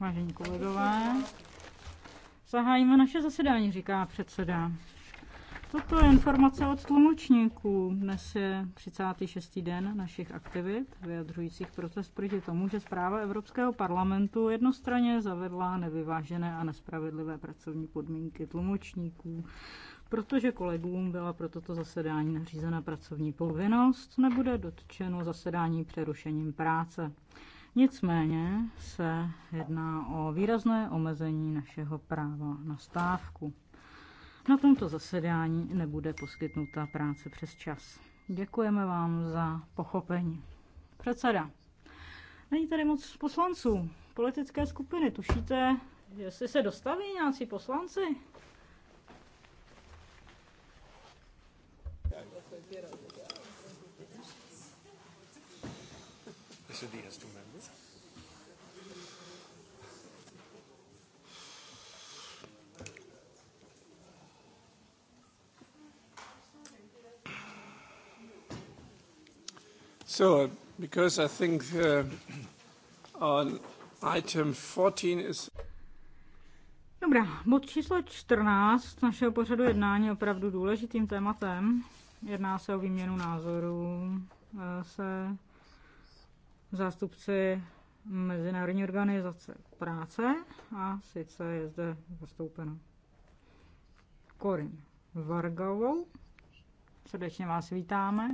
Vážení kolegové, zahájíme naše zasedání, říká předseda. Toto je informace od tlumočníků. Dnes je 36. den našich aktivit, vyjadřujících protest proti tomu, že zpráva Evropského parlamentu jednostranně zavedla nevyvážené a nespravedlivé pracovní podmínky tlumočníků. Protože kolegům byla pro toto zasedání nařízena pracovní povinnost, nebude dotčeno zasedání přerušením práce. Nicméně se jedná o výrazné omezení našeho práva na stávku. Na tomto zasedání nebude poskytnuta práce přes čas. Děkujeme vám za pochopení. Předseda. Není tady moc poslanců. Politické skupiny, tušíte, jestli se dostaví nějací poslanci? Tak, to So, because I think uh, on item 14 is... Dobrá, bod číslo 14 našeho pořadu jednání je opravdu důležitým tématem. Jedná se o výměnu názorů eh, se zástupci Mezinárodní organizace práce a sice je zde zastoupena Korin Vargovou. Srdečně vás vítáme.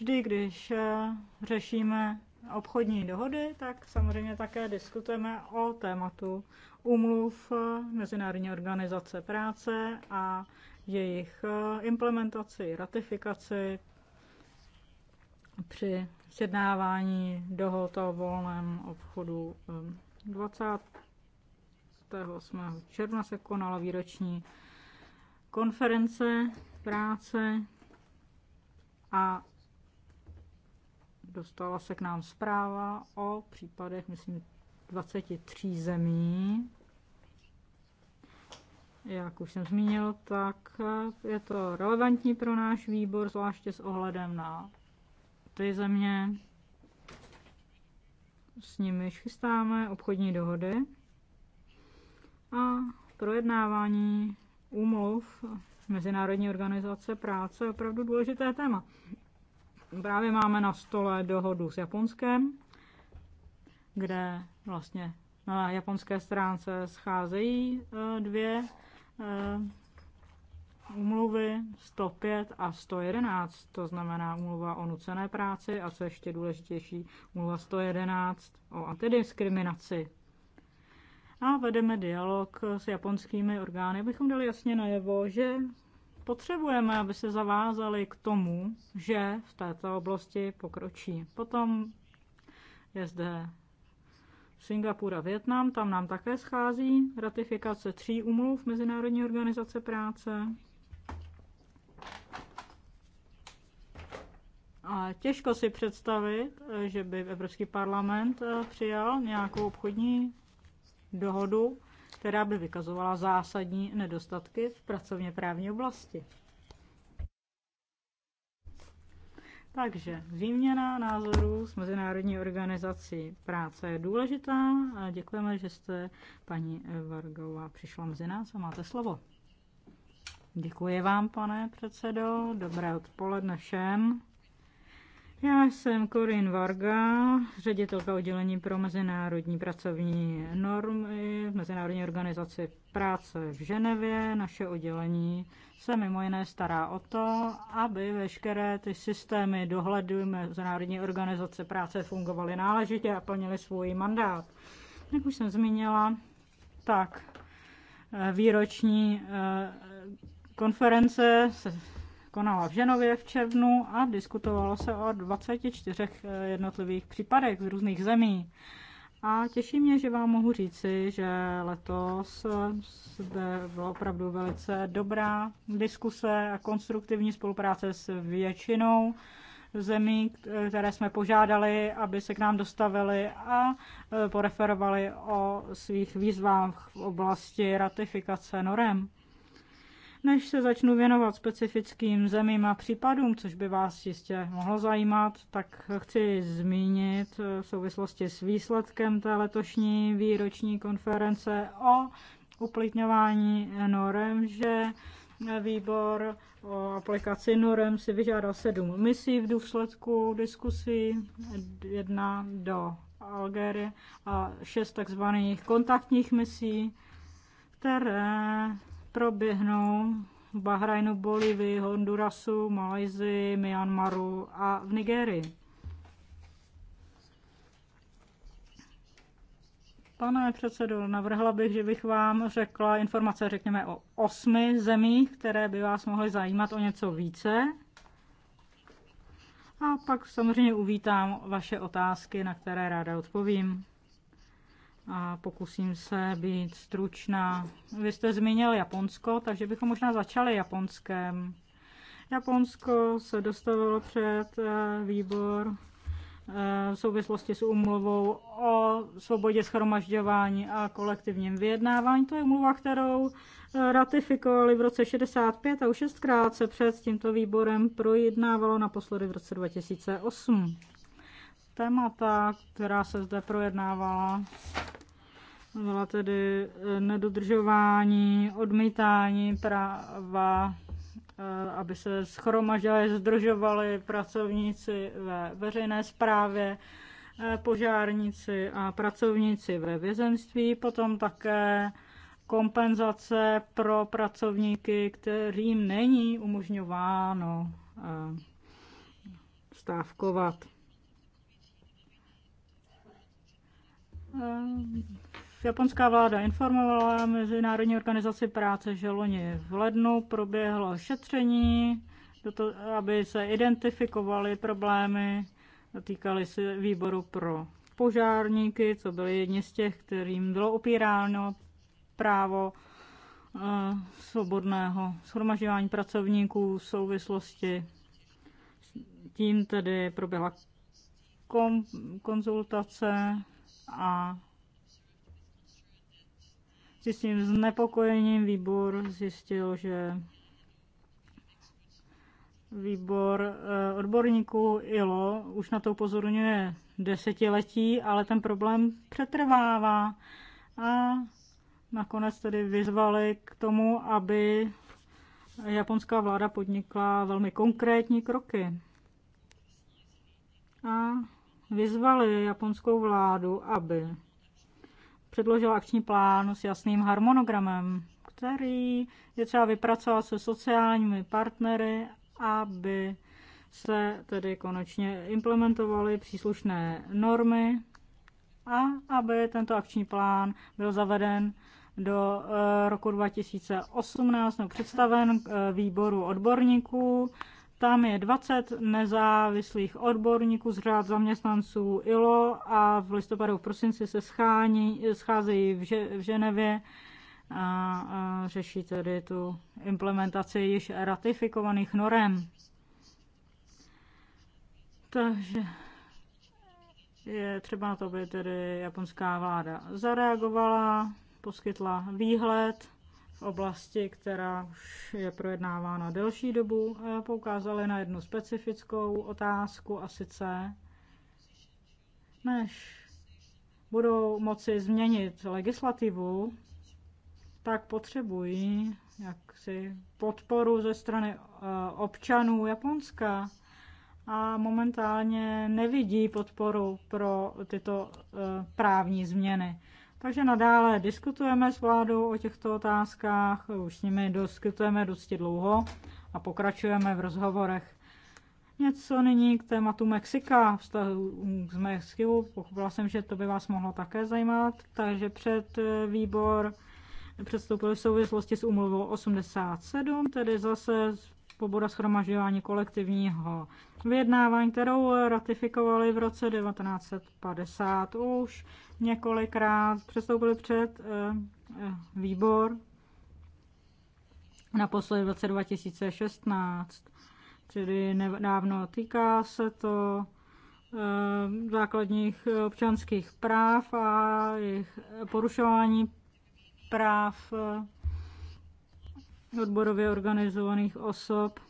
Vždy, když eh, řešíme obchodní dohody, tak samozřejmě také diskutujeme o tématu umluv eh, Mezinárodní organizace práce a jejich eh, implementaci, ratifikaci při sjednávání dohod o volném obchodu 28. června se konala výroční konference práce a Dostala se k nám zpráva o případech, myslím, 23 zemí. Jak už jsem zmínil, tak je to relevantní pro náš výbor, zvláště s ohledem na ty země. S nimi chystáme obchodní dohody a projednávání úmluv Mezinárodní organizace práce je opravdu důležité téma. Právě máme na stole dohodu s Japonskem, kde vlastně na japonské stránce scházejí e, dvě umluvy e, 105 a 111, to znamená umluva o nucené práci a co ještě důležitější, umluva 111 o antidiskriminaci. A vedeme dialog s japonskými orgány, abychom dali jasně najevo, že potřebujeme, aby se zavázali k tomu, že v této oblasti pokročí. Potom je zde Singapur a Větnam, tam nám také schází ratifikace tří umluv Mezinárodní organizace práce. A těžko si představit, že by Evropský parlament eh, přijal nějakou obchodní dohodu která by vykazovala zásadní nedostatky v pracovně právní oblasti. Takže výměna názorů s Mezinárodní organizací práce je důležitá a děkujeme, že jste paní Vargová přišla mezi nás a máte slovo. Děkuji vám, pane předsedo. Dobré odpoledne všem. Já jsem Corin Varga, ředitelka oddělení pro mezinárodní pracovní normy v Mezinárodní organizaci práce v Ženevě. Naše oddělení se mimo jiné stará o to, aby veškeré ty systémy dohledu Mezinárodní organizace práce fungovaly náležitě a plnily svůj mandát. Jak už jsem zmínila, tak eh, výroční eh, konference se konala v Ženově v červnu a diskutovalo se o 24 eh, jednotlivých případech z různých zemí. A těší mě, že vám mohu říci, že letos eh, zde byla opravdu velice dobrá diskuse a konstruktivní spolupráce s většinou zemí, eh, které jsme požádali, aby se k nám dostavili a poreferovali o svých výzvách v oblasti ratifikace norem. Než se začnu věnovat specifickým zemím a případům, což by vás jistě mohlo zajímat, tak chci zmínit v souvislosti s výsledkem té letošní výroční konference o uplitňování norem, že výbor o aplikaci norem si vyžádal sedm misí v důsledku diskusí, jedna do Algérie a šest takzvaných kontaktních misí, které proběhnou v Bahrajnu, Bolívii, Hondurasu, Malajzii, Myanmaru a v Nigérii. Pane předsedo, navrhla bych, že bych vám řekla informace, řekněme, o osmi zemích, které by vás mohly zajímat o něco více. A pak samozřejmě uvítám vaše otázky, na které ráda odpovím a pokusím se být stručná. Vy jste zmínil Japonsko, takže bychom možná začali Japonskem. Japonsko se dostavilo před eh, výbor eh, v souvislosti s úmluvou o svobodě schromažďování a kolektivním vyjednávání. To je umluva, kterou eh, ratifikovali v roce 65 a už šestkrát se před tímto výborem projednávalo naposledy v roce 2008 témata, která se zde projednávala. Byla tedy eh, nedodržování, odmítání práva, eh, aby se schromaždili, zdržovali pracovníci ve veřejné správě, eh, požárníci a pracovníci ve vězenství, potom také kompenzace pro pracovníky, kterým není umožňováno stávkovat. Eh, japonská vláda informovala Mezinárodní organizaci práce, že loni v lednu proběhlo šetření, aby se identifikovaly problémy, týkaly se výboru pro požárníky, co byli jedni z těch, kterým bylo opíráno právo eh, svobodného shromažďování pracovníků v souvislosti tím tedy proběhla konzultace a si s tím znepokojením výbor zjistil, že výbor eh, odborníků ILO už na to upozorňuje desetiletí, ale ten problém přetrvává a nakonec tedy vyzvali k tomu, aby japonská vláda podnikla velmi konkrétní kroky. A vyzvali japonskou vládu, aby předložila akční plán s jasným harmonogramem, který je třeba vypracovat se sociálními partnery, aby se tedy konečně implementovaly příslušné normy a aby tento akční plán byl zaveden do eh, roku 2018 představen eh, výboru odborníků tam je 20 nezávislých odborníků z řád zaměstnanců ILO a v listopadu v prosinci se schání, scházejí v, Ž- v Ženevě a, a řeší tedy tu implementaci již ratifikovaných norem. Takže je třeba na to, aby tedy japonská vláda zareagovala, poskytla výhled oblasti, která už je projednávána delší dobu, poukázali na jednu specifickou otázku a sice, než budou moci změnit legislativu, tak potřebují jaksi podporu ze strany eh, občanů Japonska a momentálně nevidí podporu pro tyto eh, právní změny. Takže nadále diskutujeme s vládou o těchto otázkách, už s nimi diskutujeme dosti dlouho a pokračujeme v rozhovorech. Něco nyní k tématu Mexika, vztahu z Mexiku. Pochopila jsem, že to by vás mohlo také zajímat, takže před eh, výbor předstoupil v souvislosti s umluvou 87, tedy zase svoboda schromažďování kolektivního vyjednávání, kterou ratifikovali v roce 1950 už několikrát. Přestoupili před eh, eh, výbor naposledy v roce 2016, tedy nedávno týká se to eh, základních občanských práv a jejich porušování práv odborově organizovaných osob.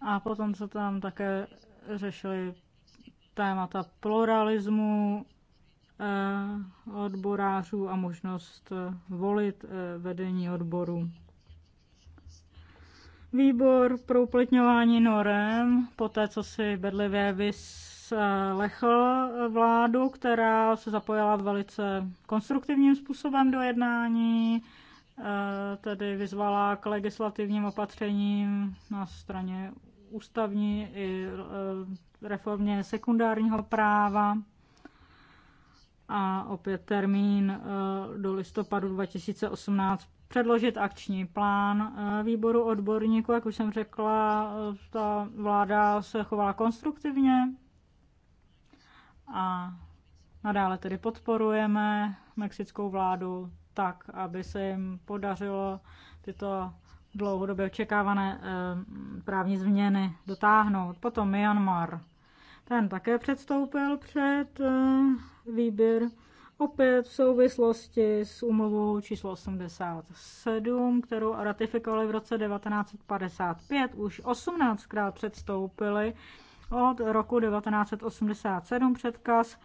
A potom se tam také řešily témata pluralismu eh, odborářů a možnost eh, volit eh, vedení odboru. Výbor pro uplatňování norem, poté co si bedlivě vys Lechl vládu, která se zapojila velice konstruktivním způsobem do jednání, eh, tedy vyzvala k legislativním opatřením na straně ústavní i eh, reformě sekundárního práva a opět termín eh, do listopadu 2018 předložit akční plán výboru odborníků. Jak už jsem řekla, ta vláda se chovala konstruktivně a nadále tedy podporujeme mexickou vládu tak, aby se jim podařilo tyto dlouhodobě očekávané eh, právní změny dotáhnout. Potom Myanmar. Ten také předstoupil před eh, výběr opět v souvislosti s umluvou číslo 87, kterou ratifikovali v roce 1955, už 18krát předstoupili od roku 1987 předkaz,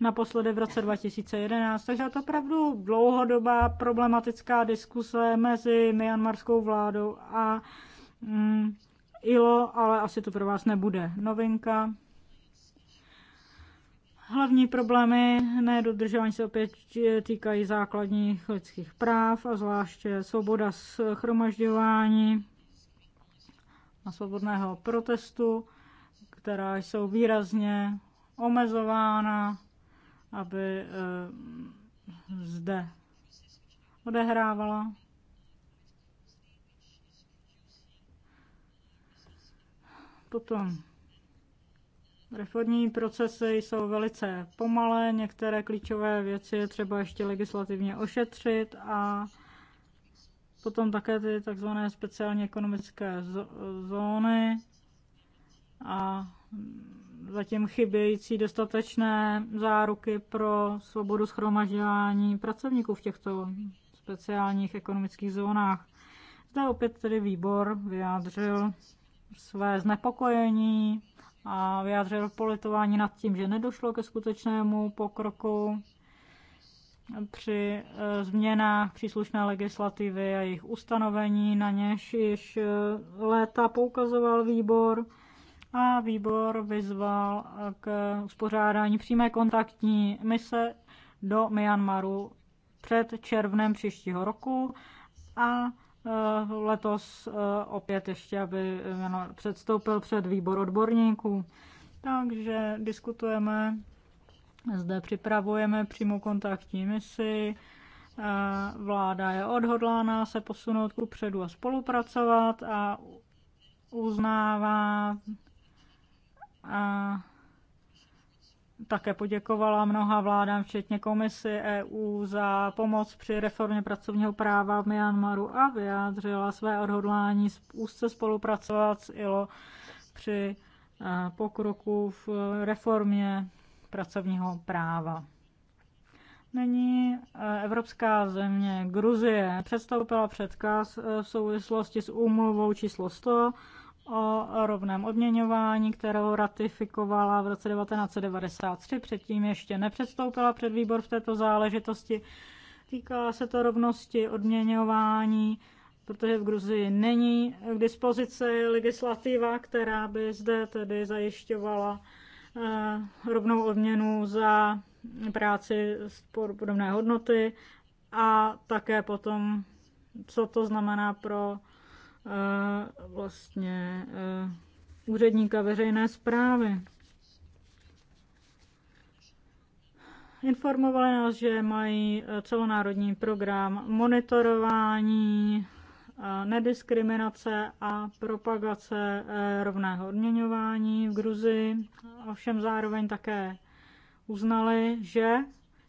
naposledy v roce 2011. Takže je to opravdu dlouhodobá problematická diskuse mezi myanmarskou vládou a mm, ILO, ale asi to pro vás nebude novinka. Hlavní problémy nedodržování se opět týkají základních lidských práv a zvláště svoboda schromažďování a svobodného protestu která jsou výrazně omezována, aby eh, zde odehrávala. Potom reformní procesy jsou velice pomalé, některé klíčové věci je třeba ještě legislativně ošetřit a potom také ty takzvané speciální ekonomické zóny a zatím chybějící dostatečné záruky pro svobodu schromažďování pracovníků v těchto speciálních ekonomických zónách. Zde opět tedy výbor vyjádřil své znepokojení a vyjádřil politování nad tím, že nedošlo ke skutečnému pokroku při e, změnách příslušné legislativy a jejich ustanovení, na něž již e, léta poukazoval výbor a výbor vyzval k uspořádání přímé kontaktní mise do Myanmaru před červnem příštího roku a eh, letos eh, opět ještě, aby eh, no, předstoupil před výbor odborníků. Takže diskutujeme, zde připravujeme přímou kontaktní misi, vláda je odhodlána se posunout ku předu a spolupracovat a uznává a také poděkovala mnoha vládám, včetně komisi EU, za pomoc při reformě pracovního práva v Myanmaru a vyjádřila své odhodlání úzce spolupracovat s ILO při eh, pokroku v reformě pracovního práva. Není eh, evropská země Gruzie předstoupila předkaz eh, v souvislosti s úmluvou číslo 100 o rovném odměňování, kterou ratifikovala v roce 1993, předtím ještě nepředstoupila před výbor v této záležitosti. Týká se to rovnosti odměňování, protože v Gruzii není k dispozici legislativa, která by zde tedy zajišťovala eh, rovnou odměnu za práci z podobné hodnoty a také potom, co to znamená pro vlastně e, úředníka veřejné zprávy. Informovali nás, že mají e, celonárodní program monitorování, e, nediskriminace a propagace rovného odměňování v Gruzii. Ovšem zároveň také uznali, že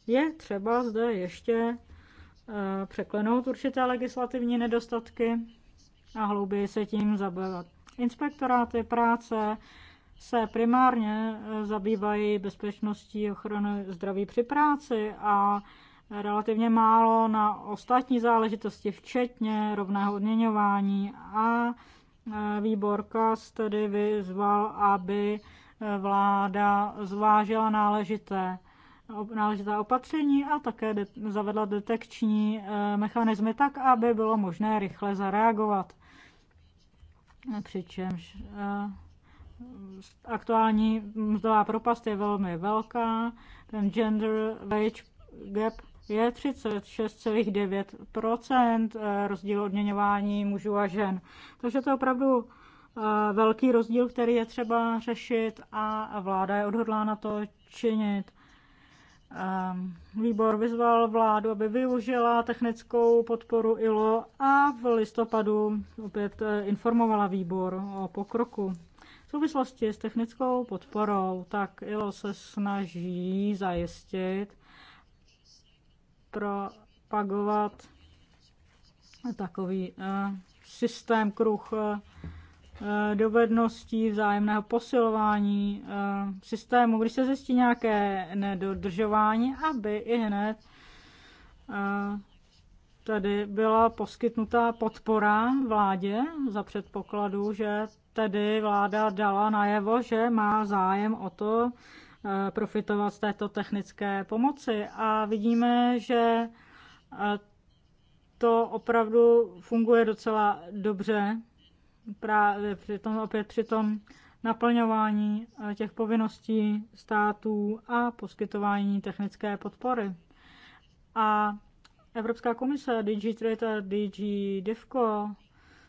je třeba zde ještě překlenout určité legislativní nedostatky a hlouběji se tím zabývat. Inspektoráty práce se primárně eh, zabývají bezpečností ochrany zdraví při práci a relativně málo na ostatní záležitosti, včetně rovného odměňování. A eh, výbor KAS tedy vyzval, aby eh, vláda zvážila náležité náležitá opatření a také de- zavedla detekční e, mechanismy tak, aby bylo možné rychle zareagovat přičemž eh, aktuální mzdová propast je velmi velká. Ten gender wage gap je 36,9 eh, rozdíl odměňování mužů a žen. Takže to je opravdu eh, velký rozdíl, který je třeba řešit a vláda je odhodlána to činit. Ehm, výbor vyzval vládu, aby využila technickou podporu ILO a v listopadu opět eh, informovala výbor o pokroku. V souvislosti s technickou podporou tak ILO se snaží zajistit propagovat takový eh, systém kruh eh, Eh, dovedností, vzájemného posilování eh, systému, když se zjistí nějaké nedodržování, aby i hned eh, tedy byla poskytnutá podpora vládě za předpokladu, že tedy vláda dala najevo, že má zájem o to profitovat z této technické pomoci. A vidíme, že to opravdu funguje docela dobře, právě při tom, opět při tom naplňování eh, těch povinností států a poskytování technické podpory. A Evropská komise, DG Trade a DG DIVCO,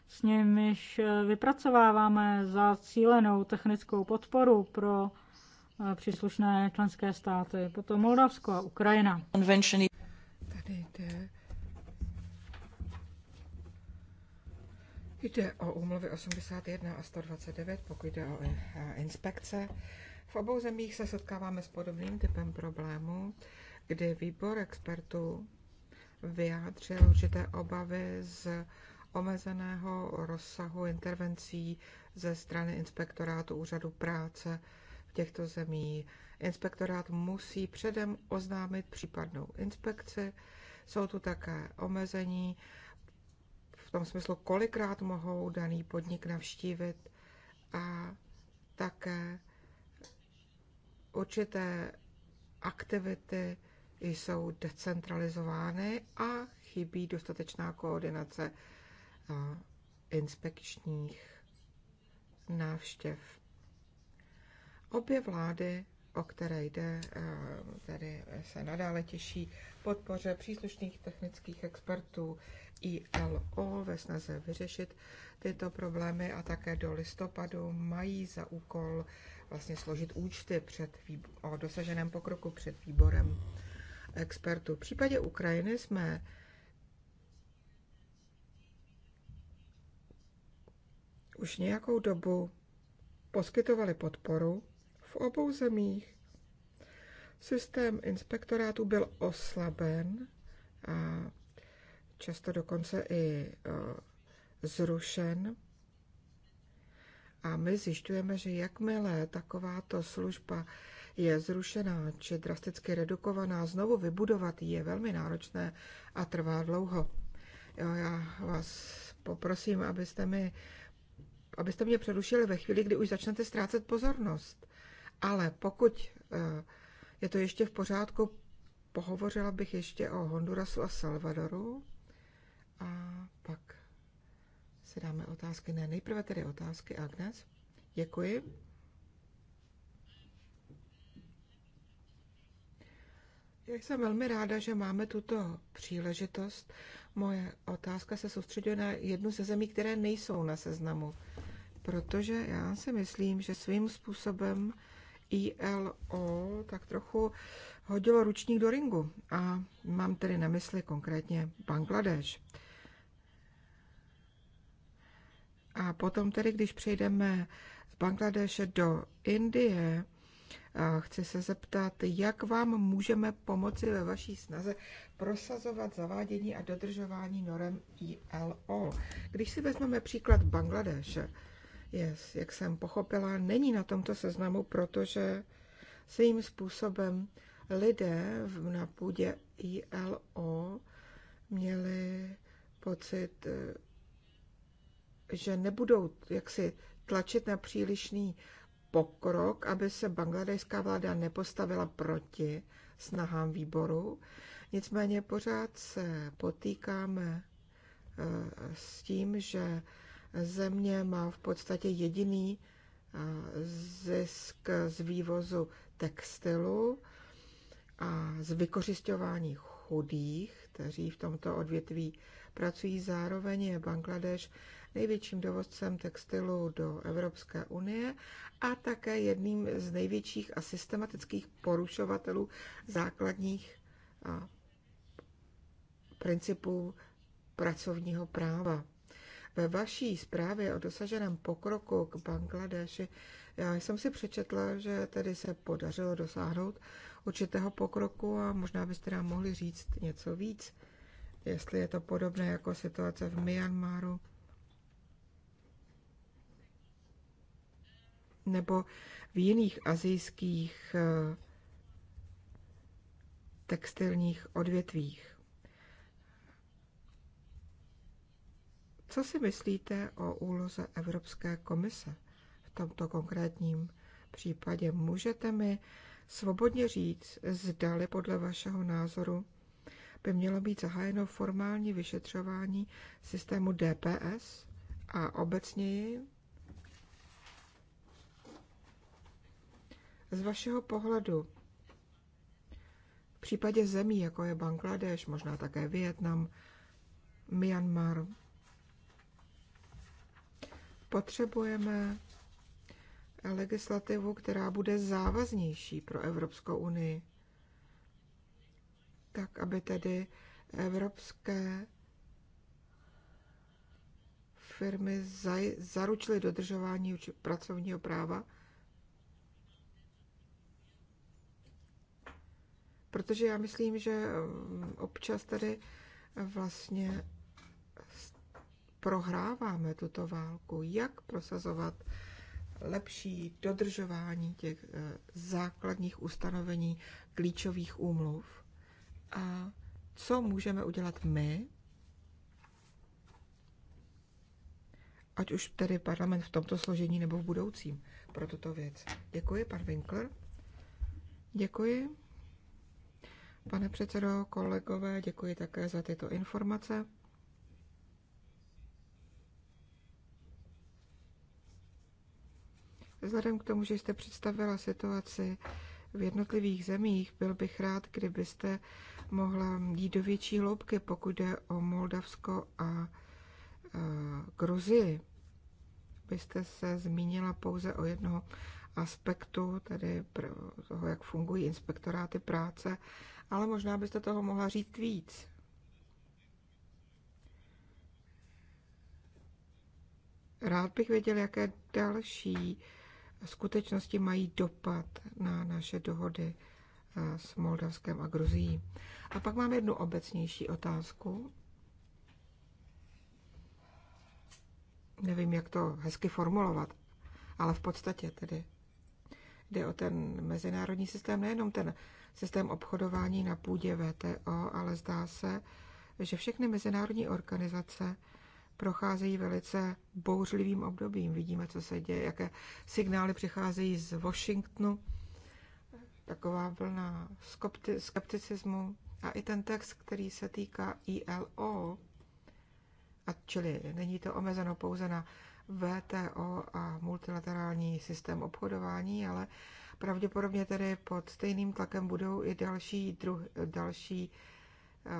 s nimiž eh, vypracováváme cílenou technickou podporu pro eh, příslušné členské státy, potom Moldavsko a Ukrajina. Tady jde Jde o úmluvy 81 a 129, pokud jde o inspekce. V obou zemích se setkáváme s podobným typem problému, kdy výbor expertů vyjádřil určité obavy z omezeného rozsahu intervencí ze strany inspektorátu úřadu práce v těchto zemích. Inspektorát musí předem oznámit případnou inspekci. Jsou tu také omezení tom smyslu, kolikrát mohou daný podnik navštívit a také určité aktivity jsou decentralizovány a chybí dostatečná koordinace inspekčních návštěv. Obě vlády o které jde, eh, tady se nadále těší podpoře příslušných technických expertů ILO ve snaze vyřešit tyto problémy a také do listopadu mají za úkol vlastně složit účty před o dosaženém pokroku před výborem expertů. V případě Ukrajiny jsme už nějakou dobu poskytovali podporu v obou zemích systém inspektorátu byl oslaben a často dokonce i e, zrušen. A my zjišťujeme, že jakmile takováto služba je zrušená či drasticky redukovaná, znovu vybudovat ji je velmi náročné a trvá dlouho. Jo, já vás poprosím, abyste mi abyste mě přerušili ve chvíli, kdy už začnete ztrácet pozornost. Ale pokud eh, je to ještě v pořádku, pohovořila bych ještě o Hondurasu a Salvadoru a pak si dáme otázky. Ne, nejprve tedy otázky, Agnes. Děkuji. Já jsem velmi ráda, že máme tuto příležitost. Moje otázka se soustředuje na jednu ze zemí, které nejsou na seznamu, protože já si myslím, že svým způsobem ILO tak trochu hodilo ručník do ringu. A mám tedy na mysli konkrétně Bangladeš. A potom tedy, když přejdeme z Bangladeše do Indie, chci se zeptat, jak vám můžeme pomoci ve vaší snaze prosazovat zavádění a dodržování norem ILO. Když si vezmeme příklad Bangladeše, Yes, jak jsem pochopila, není na tomto seznamu, protože svým způsobem lidé na půdě ILO měli pocit, eh, že nebudou jaksi tlačit na přílišný pokrok, aby se bangladejská vláda nepostavila proti snahám výboru. Nicméně pořád se potýkáme eh, s tím, že země má v podstatě jediný zisk z vývozu textilu a z vykořišťování chudých, kteří v tomto odvětví pracují. Zároveň je Bangladeš největším dovozcem textilu do Evropské unie a také jedním z největších a systematických porušovatelů základních principů pracovního práva. Ve vaší zprávě o dosaženém pokroku k Bangladeši já jsem si přečetla, že tedy se podařilo dosáhnout určitého pokroku a možná byste nám mohli říct něco víc, jestli je to podobné jako situace v Myanmaru. nebo v jiných azijských eh, textilních odvětvích. Co si myslíte o úloze Evropské komise v tomto konkrétním případě? Můžete mi svobodně říct, zdali podle vašeho názoru by mělo být zahájeno formální vyšetřování systému DPS a obecněji z vašeho pohledu v případě zemí, jako je Bangladeš, možná také Vietnam, Myanmar, Potřebujeme legislativu, která bude závaznější pro Evropskou unii, tak aby tedy evropské firmy zaručily dodržování pracovního práva, protože já myslím, že mm, občas tady vlastně prohráváme tuto válku, jak prosazovat lepší dodržování těch eh, základních ustanovení klíčových úmluv a co můžeme udělat my, ať už tedy parlament v tomto složení nebo v budoucím pro tuto věc. Děkuji, pan Winkler. Děkuji. Pane předsedo, kolegové, děkuji také za tyto informace. Vzhledem k tomu, že jste představila situaci v jednotlivých zemích, byl bych rád, kdybyste mohla jít do větší hloubky, pokud jde o Moldavsko a, a e, Gruzii. Byste se zmínila pouze o jednoho aspektu, tedy toho, jak fungují inspektoráty práce, ale možná byste toho mohla říct víc. Rád bych věděl, jaké další skutečnosti mají dopad na naše dohody eh, s Moldavskem a Gruzií. A pak mám jednu obecnější otázku. Nevím, jak to hezky formulovat, ale v podstatě tedy jde o ten mezinárodní systém, nejenom ten systém obchodování na půdě VTO, ale zdá se, že všechny mezinárodní organizace procházejí velice bouřlivým obdobím. Vidíme, co se děje, jaké signály přicházejí z Washingtonu. Taková vlna skepticismu. A i ten text, který se týká ILO, a čili není to omezeno pouze na VTO a multilaterální systém obchodování, ale pravděpodobně tedy pod stejným tlakem budou i další, druh, další eh,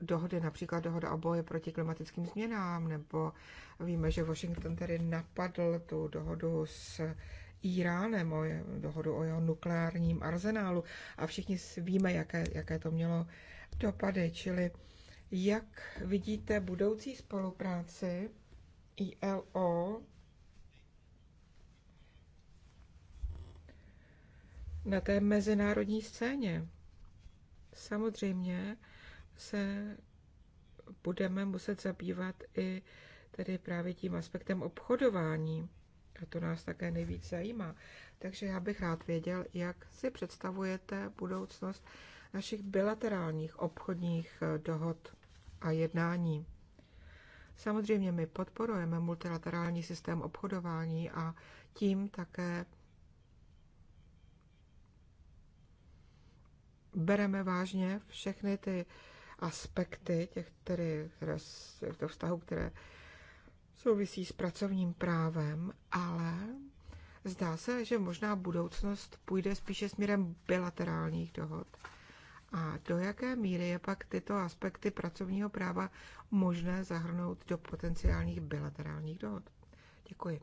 dohody, například dohoda o boji proti klimatickým změnám, nebo víme, že Washington tedy napadl tu dohodu s Iránem, o je, dohodu o jeho nukleárním arzenálu a všichni víme, jaké, jaké to mělo dopady, čili jak vidíte budoucí spolupráci ILO na té mezinárodní scéně. Samozřejmě, se budeme muset zabývat i tedy právě tím aspektem obchodování. A to nás také nejvíc zajímá. Takže já bych rád věděl, jak si představujete budoucnost našich bilaterálních obchodních eh, dohod a jednání. Samozřejmě my podporujeme multilaterální systém obchodování a tím také bereme vážně všechny ty aspekty těch, které, těchto vztahů, které souvisí s pracovním právem, ale zdá se, že možná budoucnost půjde spíše směrem bilaterálních dohod. A do jaké míry je pak tyto aspekty pracovního práva možné zahrnout do potenciálních bilaterálních dohod? Děkuji.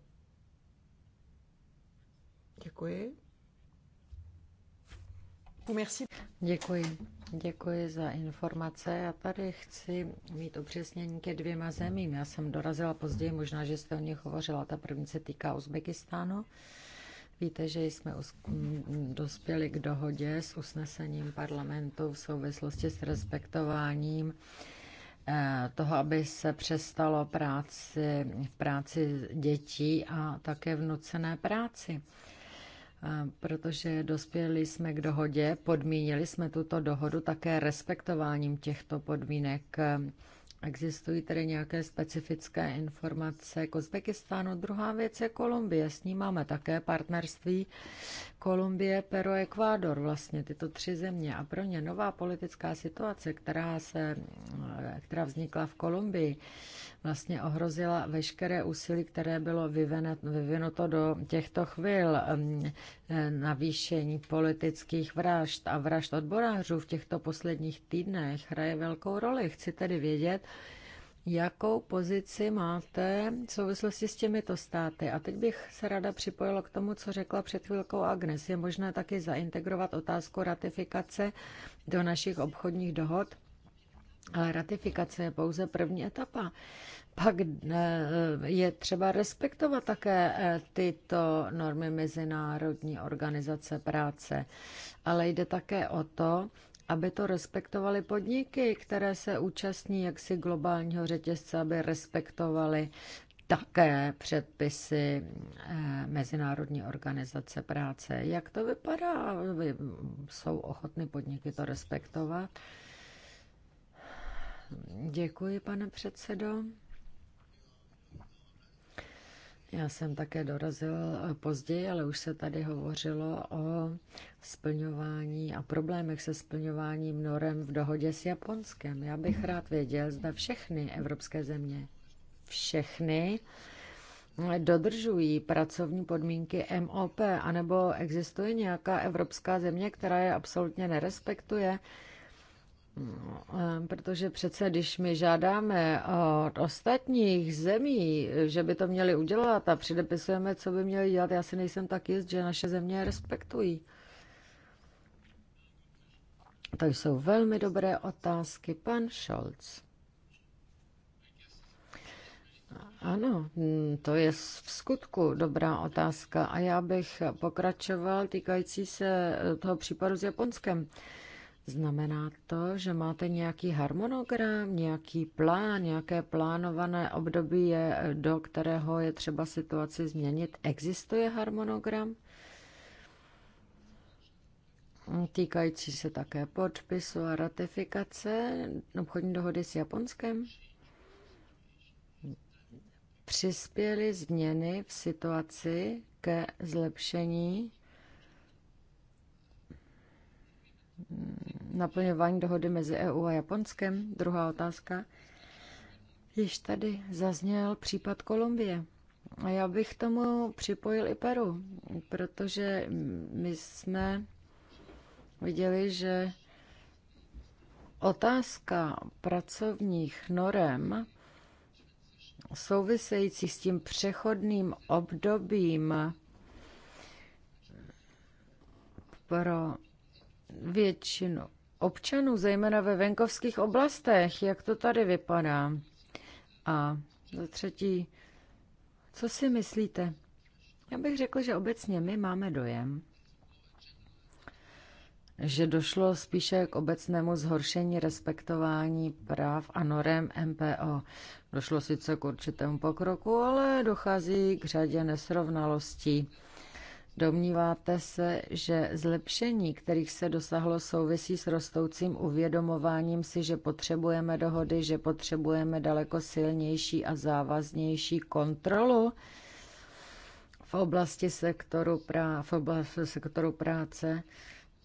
Děkuji. Děkuji. Děkuji za informace. Já tady chci mít upřesnění ke dvěma zemím. Já jsem dorazila později, možná, že jste o nich hovořila. Ta první se týká Uzbekistánu. Víte, že jsme dospěli k dohodě s usnesením parlamentu v souvislosti s respektováním eh, toho, aby se přestalo práci, v práci dětí a také v nucené práci protože dospěli jsme k dohodě, podmínili jsme tuto dohodu také respektováním těchto podmínek Existují tedy nějaké specifické informace k Uzbekistánu. Druhá věc je Kolumbie. S ní máme také partnerství. Kolumbie, Peru, Ekvádor, vlastně tyto tři země. A pro ně nová politická situace, která, se, která vznikla v Kolumbii, vlastně ohrozila veškeré úsilí, které bylo vyvinuto do těchto chvil navýšení politických vražd a vražd odborářů v těchto posledních týdnech hraje velkou roli. Chci tedy vědět, jakou pozici máte v souvislosti s těmito státy. A teď bych se rada připojila k tomu, co řekla před chvilkou Agnes. Je možné taky zaintegrovat otázku ratifikace do našich obchodních dohod? Ale ratifikace je pouze první etapa pak eh, je třeba respektovat také eh, tyto normy Mezinárodní organizace práce, ale jde také o to, aby to respektovaly podniky, které se účastní jaksi globálního řetězce, aby respektovaly také předpisy eh, Mezinárodní organizace práce. Jak to vypadá? Jsou ochotny podniky to respektovat? Děkuji, pane předsedo. Já jsem také dorazil eh, později, ale už se tady hovořilo o splňování a problémech se splňováním norem v dohodě s Japonskem. Já bych rád věděl, zda všechny evropské země, všechny, eh, dodržují pracovní podmínky MOP, anebo existuje nějaká evropská země, která je absolutně nerespektuje. Ehm, protože přece, když my žádáme od ostatních zemí, že by to měli udělat a předepisujeme, co by měli dělat, já si nejsem tak jist, že naše země respektují. To jsou velmi dobré otázky. Pan Scholz. Ano, hm, to je v skutku dobrá otázka. A já bych pokračoval týkající se toho případu s Japonskem. Znamená to, že máte nějaký harmonogram, nějaký plán, nějaké plánované období, je, do kterého je třeba situaci změnit? Existuje harmonogram? Týkající se také podpisu a ratifikace obchodní dohody s Japonskem? Přispěly změny v situaci ke zlepšení naplňování dohody mezi EU a Japonskem? Druhá otázka. Již tady zazněl případ Kolumbie. A já bych tomu připojil i Peru, protože my jsme viděli, že otázka pracovních norem související s tím přechodným obdobím pro většinu občanů, zejména ve venkovských oblastech, jak to tady vypadá. A za třetí, co si myslíte? Já bych řekl, že obecně my máme dojem, že došlo spíše k obecnému zhoršení respektování práv a norem MPO. Došlo sice k určitému pokroku, ale dochází k řadě nesrovnalostí Domníváte se, že zlepšení, kterých se dosahlo, souvisí s rostoucím uvědomováním si, že potřebujeme dohody, že potřebujeme daleko silnější a závaznější kontrolu v oblasti sektoru, prá- v oblasti sektoru práce?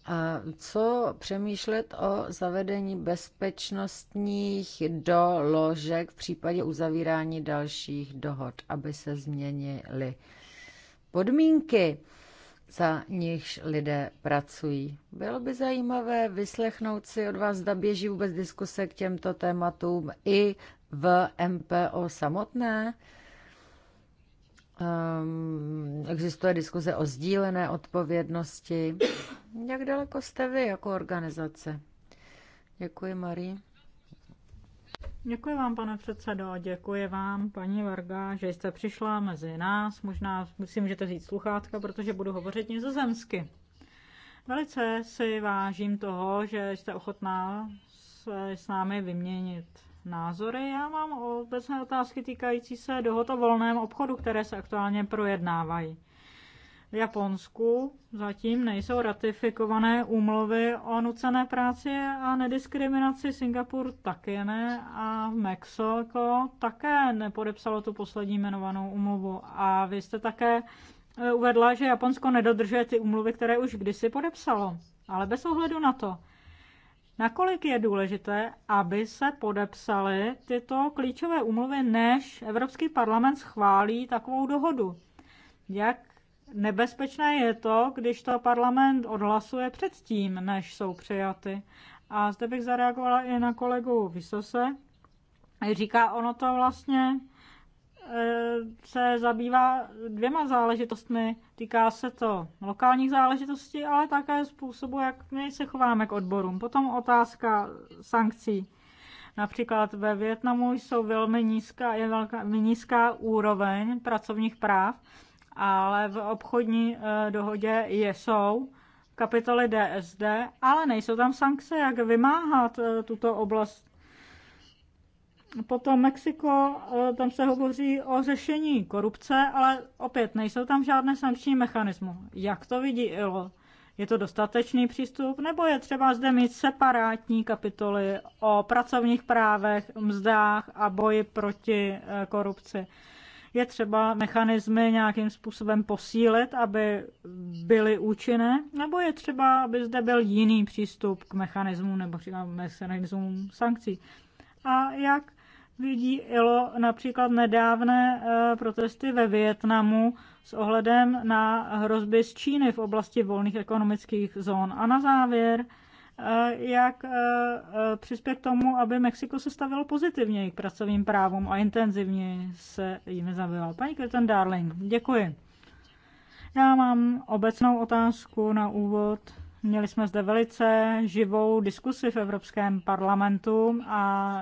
A co přemýšlet o zavedení bezpečnostních doložek v případě uzavírání dalších dohod, aby se změnily podmínky? za nichž lidé pracují. Bylo by zajímavé vyslechnout si od vás, zda běží vůbec diskuse k těmto tématům i v MPO samotné. Um, existuje diskuze o sdílené odpovědnosti. Jak daleko jste vy jako organizace? Děkuji, Marie. Děkuji vám, pane předsedo, a děkuji vám, paní Varga, že jste přišla mezi nás. Možná si můžete říct sluchátka, protože budu hovořit nizozemsky. Velice si vážím toho, že jste ochotná se s námi vyměnit názory. Já mám obecné otázky týkající se dohod o volném obchodu, které se aktuálně projednávají. V Japonsku zatím nejsou ratifikované úmluvy o nucené práci a nediskriminaci. Singapur také ne a Mexiko také nepodepsalo tu poslední jmenovanou úmluvu. A vy jste také eh, uvedla, že Japonsko nedodržuje ty úmluvy, které už kdysi podepsalo. Ale bez ohledu na to, nakolik je důležité, aby se podepsaly tyto klíčové úmluvy, než Evropský parlament schválí takovou dohodu. Jak Nebezpečné je to, když to parlament odhlasuje předtím, než jsou přijaty. A zde bych zareagovala i na kolegu Vysose. Říká, ono to vlastně eh, se zabývá dvěma záležitostmi. Týká se to lokálních záležitostí, ale také způsobu, jak my se chováme k odborům. Potom otázka sankcí. Například ve Větnamu jsou velmi nízká, je velmi nízká úroveň pracovních práv ale v obchodní eh, dohodě je, jsou kapitoly DSD, ale nejsou tam sankce, jak vymáhat eh, tuto oblast. Potom Mexiko, eh, tam se hovoří o řešení korupce, ale opět nejsou tam žádné sankční mechanismy. Jak to vidí ILO? Je to dostatečný přístup, nebo je třeba zde mít separátní kapitoly o pracovních právech, mzdách a boji proti korupci? Je třeba mechanismy nějakým způsobem posílit, aby byly účinné, nebo je třeba, aby zde byl jiný přístup k mechanismu nebo mechanismům sankcí. A jak vidí ILO například nedávné eh, protesty ve Vietnamu s ohledem na hrozby z Číny v oblasti volných ekonomických zón. A na závěr Eh, jak eh, eh, přispět k tomu, aby Mexiko se stavilo pozitivně k pracovním právům a intenzivně se jimi zabývalo. Paní Kirsten Darling, děkuji. Já mám obecnou otázku na úvod. Měli jsme zde velice živou diskusi v Evropském parlamentu a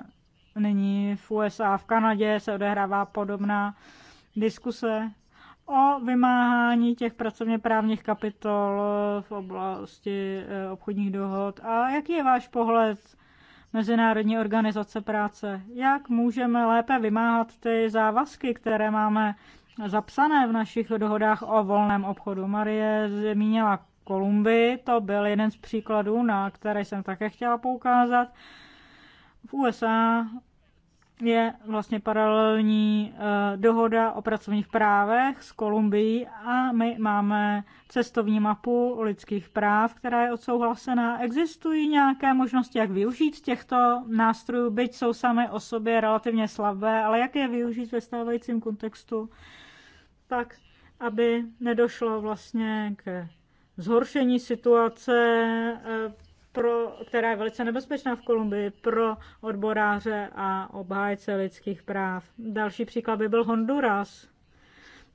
nyní v USA, v Kanadě se odehrává podobná diskuse o vymáhání těch pracovně právních kapitol v oblasti e, obchodních dohod a jaký je váš pohled Mezinárodní organizace práce? Jak můžeme lépe vymáhat ty závazky, které máme zapsané v našich dohodách o volném obchodu? Marie zmínila Kolumbii, to byl jeden z příkladů, na které jsem také chtěla poukázat. V USA je vlastně paralelní eh, dohoda o pracovních právech s Kolumbií a my máme cestovní mapu lidských práv, která je odsouhlasená. Existují nějaké možnosti, jak využít těchto nástrojů, byť jsou samé o sobě relativně slabé, ale jak je využít ve stávajícím kontextu, tak aby nedošlo vlastně k zhoršení situace eh, pro, která je velice nebezpečná v Kolumbii pro odboráře a obhájce lidských práv. Další příklad by byl Honduras.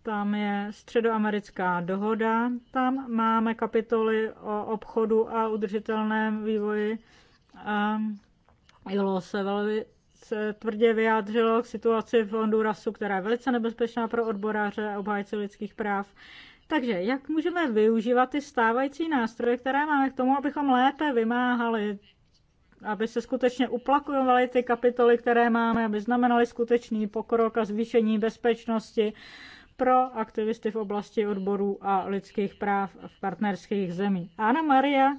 Tam je středoamerická dohoda, tam máme kapitoly o obchodu a udržitelném vývoji. ILO ehm, se velice tvrdě vyjádřilo k situaci v Hondurasu, která je velice nebezpečná pro odboráře a obhájce lidských práv. Takže jak můžeme využívat ty stávající nástroje, které máme k tomu, abychom lépe vymáhali, aby se skutečně uplakovaly ty kapitoly, které máme, aby znamenaly skutečný pokrok a zvýšení bezpečnosti pro aktivisty v oblasti odborů a lidských práv v partnerských zemí. Ana Maria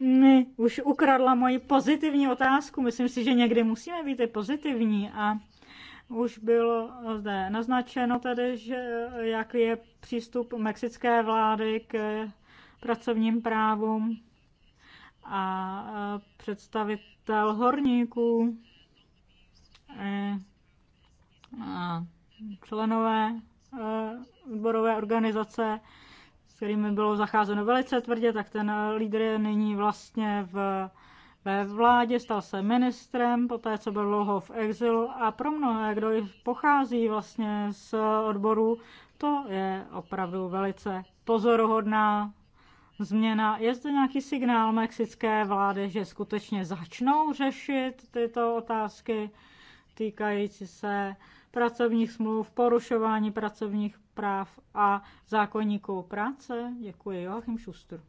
mi už ukradla moji pozitivní otázku. Myslím si, že někdy musíme být i pozitivní a už bylo zde naznačeno tedy, že jak je přístup mexické vlády k pracovním právům a e, představitel horníků e, a členové e, odborové organizace, s kterými bylo zacházeno velice tvrdě, tak ten lídr je nyní vlastně v ve vládě, stal se ministrem, poté co byl dlouho v exilu a pro mnohé, kdo pochází vlastně z odboru, to je opravdu velice pozoruhodná změna. Je zde nějaký signál mexické vlády, že skutečně začnou řešit tyto otázky týkající se pracovních smluv, porušování pracovních práv a zákonníků práce? Děkuji, Joachim Schuster.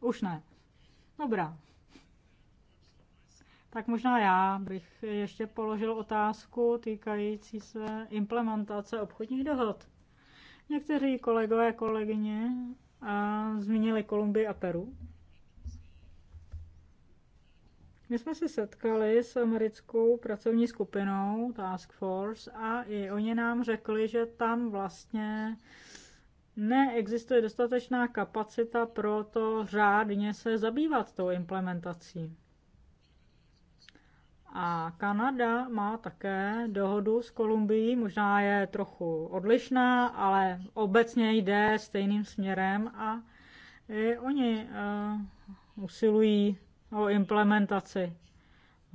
Už ne. Dobrá tak možná já bych ještě položil otázku týkající se implementace obchodních dohod. Někteří kolegové, kolegyně a zmínili Kolumbii a Peru. My jsme se setkali s americkou pracovní skupinou Task Force a i oni nám řekli, že tam vlastně neexistuje dostatečná kapacita pro to řádně se zabývat tou implementací. A Kanada má také dohodu s Kolumbií, možná je trochu odlišná, ale obecně jde stejným směrem a i e, oni uh, usilují o implementaci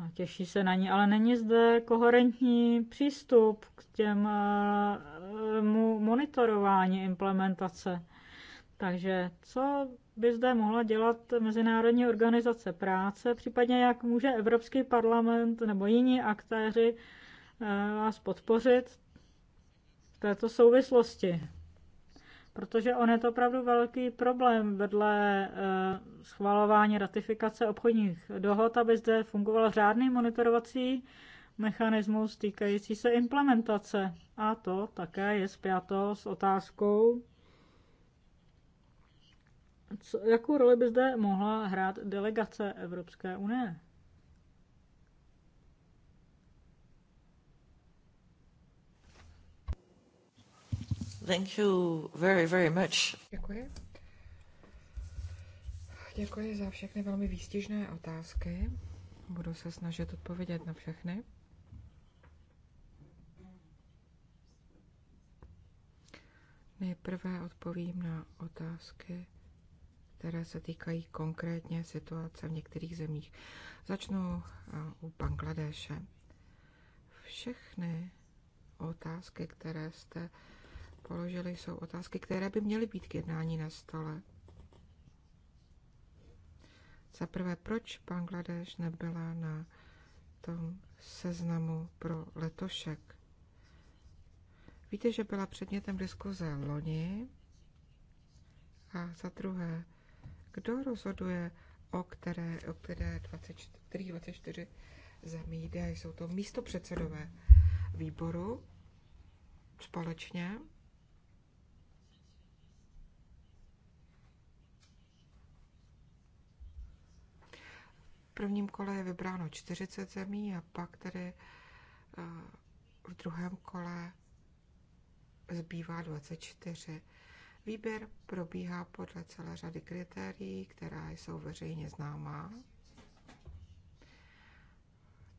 a těší se na ní, ale není zde koherentní přístup k těm uh, monitorování implementace. Takže co by zde mohla dělat Mezinárodní organizace práce, případně jak může Evropský parlament nebo jiní aktéři eh, vás podpořit v této souvislosti? Protože on je to opravdu velký problém vedle eh, schvalování ratifikace obchodních dohod, aby zde fungoval řádný monitorovací mechanismus týkající se implementace. A to také je spjato s otázkou co, jakou roli by zde mohla hrát delegace Evropské unie? Thank you very, very much. Děkuji. Děkuji za všechny velmi výstižné otázky. Budu se snažit odpovědět na všechny. Nejprve odpovím na otázky které se týkají konkrétně situace v některých zemích. Začnu eh, u Bangladéše. Všechny otázky, které jste položili, jsou otázky, které by měly být k jednání na stole. Za prvé, proč Bangladeš nebyla na tom seznamu pro letošek? Víte, že byla předmětem diskuze loni. A za druhé, kdo rozhoduje o, které, o které 24, kterých 24 zemí jde. Jsou to místopředsedové výboru společně. V prvním kole je vybráno 40 zemí a pak tedy eh, v druhém kole zbývá 24 Výběr probíhá podle celé řady kritérií, která jsou veřejně známá.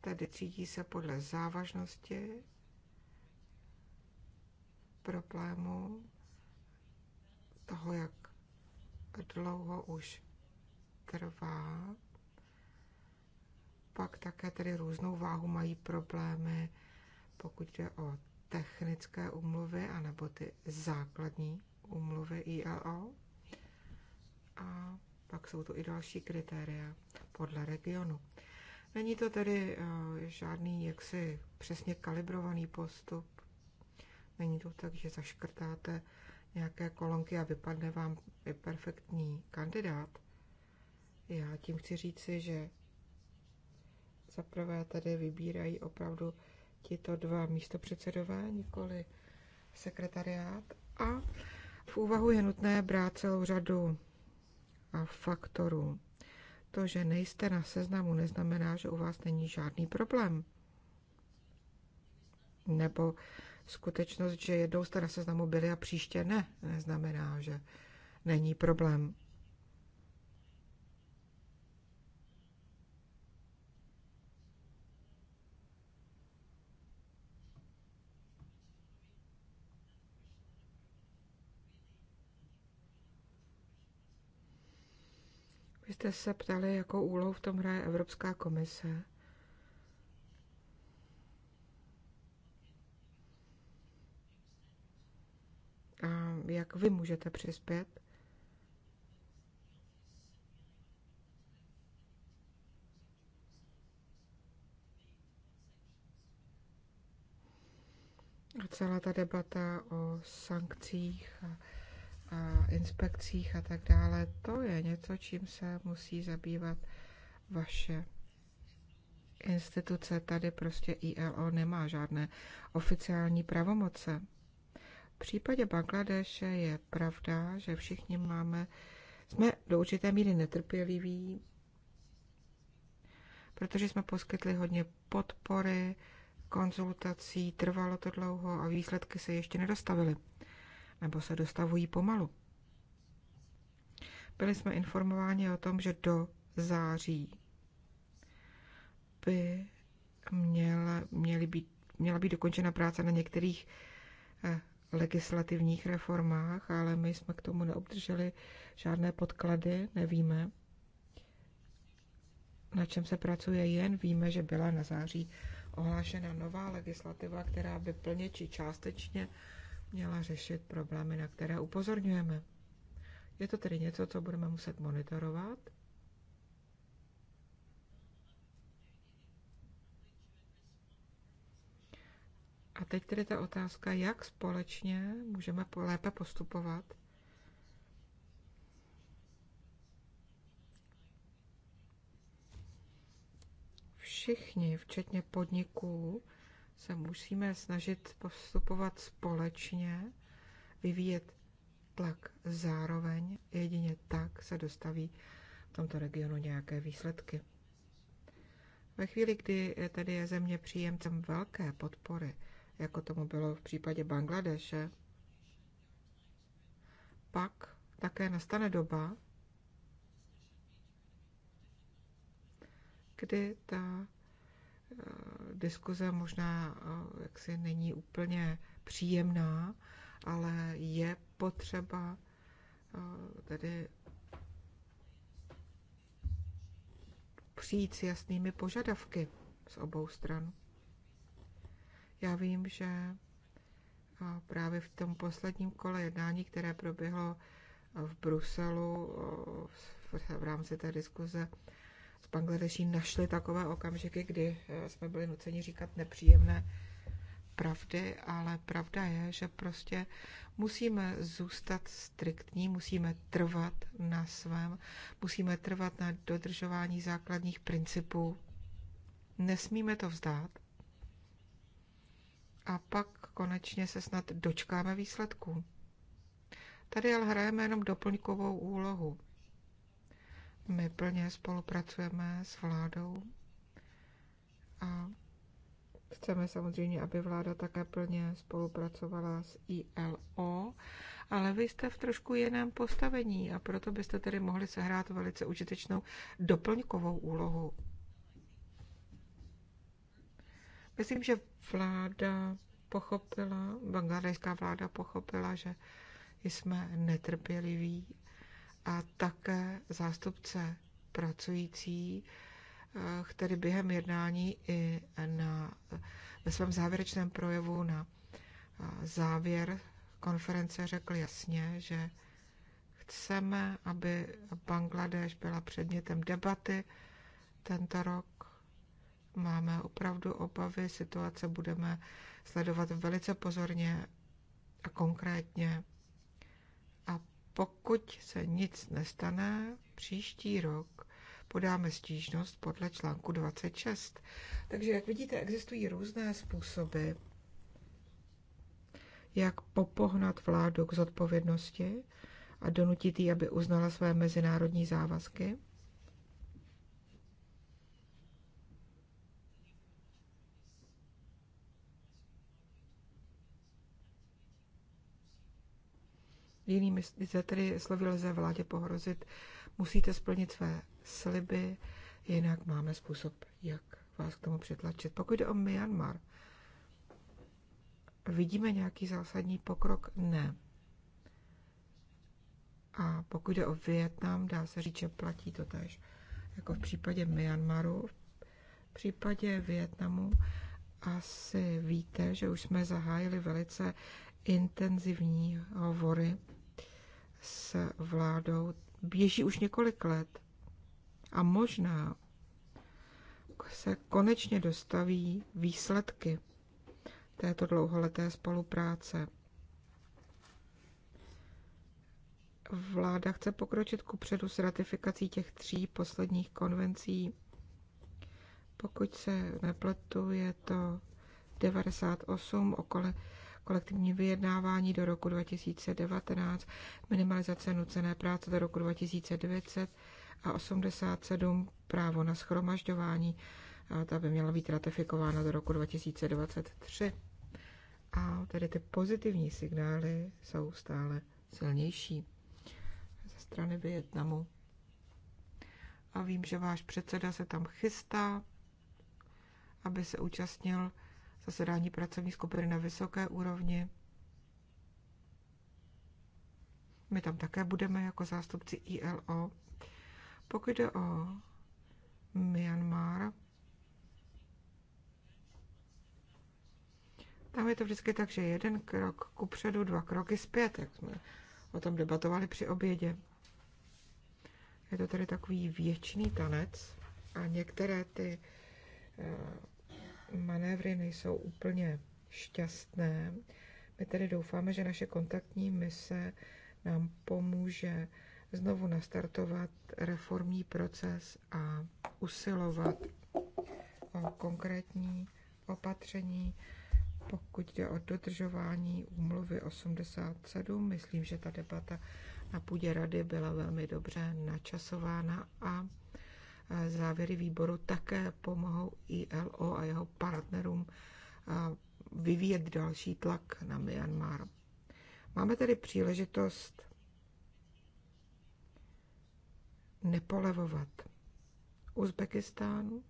Tedy třídí se podle závažnosti problému, toho, jak dlouho už trvá, pak také tedy různou váhu mají problémy, pokud jde o technické umluvy, anebo ty základní umluvy ILO. A pak jsou tu i další kritéria podle regionu. Není to tedy eh, žádný jaksi přesně kalibrovaný postup. Není to tak, že zaškrtáte nějaké kolonky a vypadne vám perfektní kandidát. Já tím chci říci, že zaprvé tady vybírají opravdu tito dva místopředsedové, nikoli sekretariát a v úvahu je nutné brát celou řadu faktorů. To, že nejste na seznamu, neznamená, že u vás není žádný problém. Nebo skutečnost, že jednou jste na seznamu byli a příště ne, neznamená, že není problém. jste se ptali, jakou úlohu v tom hraje Evropská komise. A jak vy můžete přispět? A celá ta debata o sankcích a inspekcích a tak dále, to je něco, čím se musí zabývat vaše instituce. Tady prostě ILO nemá žádné oficiální pravomoce. V případě Bangladeše je pravda, že všichni máme, jsme do určité míry netrpěliví, protože jsme poskytli hodně podpory, konzultací, trvalo to dlouho a výsledky se ještě nedostavily nebo se dostavují pomalu. Byli jsme informováni o tom, že do září by měla, měly být, měla být dokončena práce na některých eh, legislativních reformách, ale my jsme k tomu neobdrželi žádné podklady, nevíme, na čem se pracuje, jen víme, že byla na září ohlášena nová legislativa, která by plně či částečně měla řešit problémy, na které upozorňujeme. Je to tedy něco, co budeme muset monitorovat. A teď tedy ta otázka, jak společně můžeme lépe postupovat. Všichni, včetně podniků, se musíme snažit postupovat společně, vyvíjet tlak zároveň, jedině tak se dostaví v tomto regionu nějaké výsledky. Ve chvíli, kdy tedy je země příjemcem velké podpory, jako tomu bylo v případě Bangladeše, pak také nastane doba, kdy ta Eh, diskuze možná eh, jaksi není úplně příjemná, ale je potřeba eh, tedy přijít s jasnými požadavky z obou stran. Já vím, že právě v tom posledním kole jednání, které proběhlo v Bruselu v rámci té diskuze v Bangladeši našli takové okamžiky, kdy eh, jsme byli nuceni říkat nepříjemné pravdy, ale pravda je, že prostě musíme zůstat striktní, musíme trvat na svém, musíme trvat na dodržování základních principů. Nesmíme to vzdát. A pak konečně se snad dočkáme výsledků. Tady ale hrajeme jenom doplňkovou úlohu. My plně spolupracujeme s vládou a chceme samozřejmě, aby vláda také plně spolupracovala s ILO, ale vy jste v trošku jiném postavení a proto byste tedy mohli sehrát velice užitečnou doplňkovou úlohu. Myslím, že vláda pochopila, bangladejská vláda pochopila, že jsme netrpěliví a také zástupce pracující, eh, který během jednání i na, ve svém závěrečném projevu na eh, závěr konference řekl jasně, že chceme, aby Bangladeš byla předmětem debaty tento rok. Máme opravdu obavy, situace budeme sledovat velice pozorně a konkrétně. Pokud se nic nestane, příští rok podáme stížnost podle článku 26. Takže, jak vidíte, existují různé způsoby, jak popohnat vládu k zodpovědnosti a donutit ji, aby uznala své mezinárodní závazky. Jinými tedy slovy lze vládě pohrozit, musíte splnit své sliby, jinak máme způsob, jak vás k tomu přitlačit. Pokud jde o Myanmar, vidíme nějaký zásadní pokrok? Ne. A pokud jde o Vietnam, dá se říct, že platí to tež. Jako v případě Myanmaru, v případě Vietnamu asi víte, že už jsme zahájili velice intenzivní hovory s vládou běží už několik let a možná se konečně dostaví výsledky této dlouholeté spolupráce. Vláda chce pokročit ku předu s ratifikací těch tří posledních konvencí. Pokud se nepletu, je to 98 okolo kolektivní vyjednávání do roku 2019, minimalizace nucené práce do roku 2020 a 87 právo na schromažďování. A ta by měla být ratifikována do roku 2023. A tedy ty pozitivní signály jsou stále silnější ze strany Vietnamu. A vím, že váš předseda se tam chystá, aby se účastnil zasedání pracovní skupiny na vysoké úrovni. My tam také budeme jako zástupci ILO. Pokud jde o Myanmar, tam je to vždycky tak, že jeden krok kupředu, dva kroky zpět, jak jsme o tom debatovali při obědě. Je to tedy takový věčný tanec a některé ty eh, manévry nejsou úplně šťastné. My tedy doufáme, že naše kontaktní mise nám pomůže znovu nastartovat reformní proces a usilovat o konkrétní opatření, pokud jde o dodržování úmluvy 87. Myslím, že ta debata na půdě rady byla velmi dobře načasována a závěry výboru také pomohou ILO a jeho partnerům vyvíjet další tlak na Myanmar. Máme tedy příležitost nepolevovat Uzbekistánu.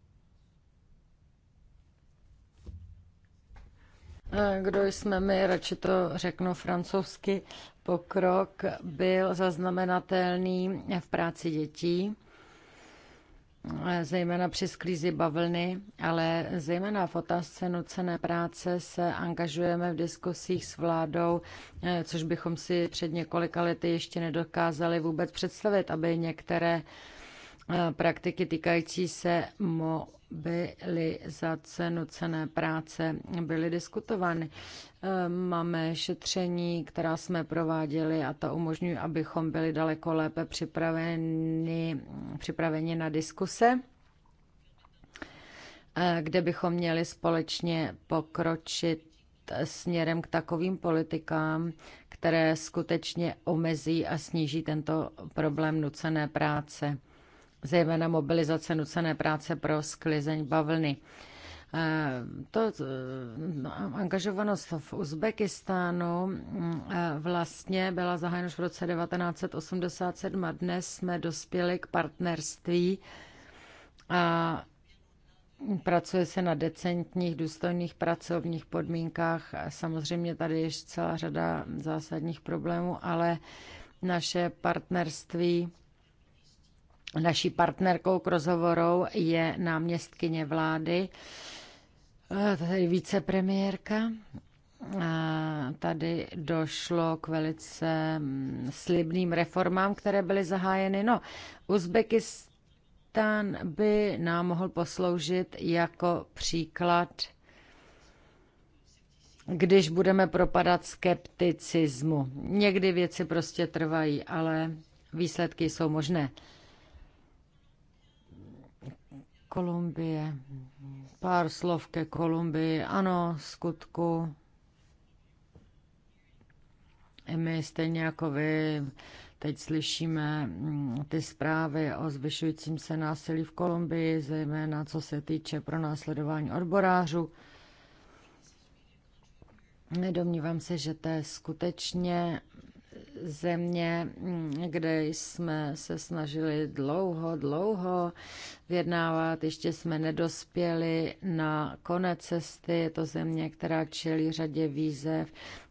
Kdo jsme my, radši to řeknu francouzsky, pokrok byl zaznamenatelný v práci dětí zejména při sklízi bavlny, ale zejména v otázce nucené práce se angažujeme v diskusích s vládou, eh, což bychom si před několika lety ještě nedokázali vůbec představit, aby některé eh, praktiky týkající se mo byly za cenu cené práce byly diskutovány. Ehm, máme šetření, která jsme prováděli a to umožňuje, abychom byli daleko lépe připraveni, připraveni na diskuse eh, kde bychom měli společně pokročit směrem k takovým politikám, které skutečně omezí a sníží tento problém nucené práce zejména mobilizace nucené práce pro sklizeň bavlny. Eh, to eh, no, angažovanost v Uzbekistánu mm, eh, vlastně byla zahájena už v roce 1987 a dnes jsme dospěli k partnerství a Pracuje se na decentních, důstojných pracovních podmínkách. Samozřejmě tady je celá řada zásadních problémů, ale naše partnerství Naší partnerkou k rozhovoru je náměstkyně vlády, eh, tady vicepremiérka. A eh, tady došlo k velice mm, slibným reformám, které byly zahájeny. No, Uzbekistán by nám mohl posloužit jako příklad když budeme propadat skepticismu. Někdy věci prostě trvají, ale výsledky jsou možné. Kolumbie. Pár slov ke Kolumbii. Ano, skutku. My stejně jako vy teď slyšíme mm, ty zprávy o zvyšujícím se násilí v Kolumbii, zejména co se týče pronásledování odborářů. Nedomnívám se, že to je skutečně země, mm, kde jsme se snažili dlouho, dlouho vyjednávat. Ještě jsme nedospěli na konec cesty. Je to země, která čelí řadě výzev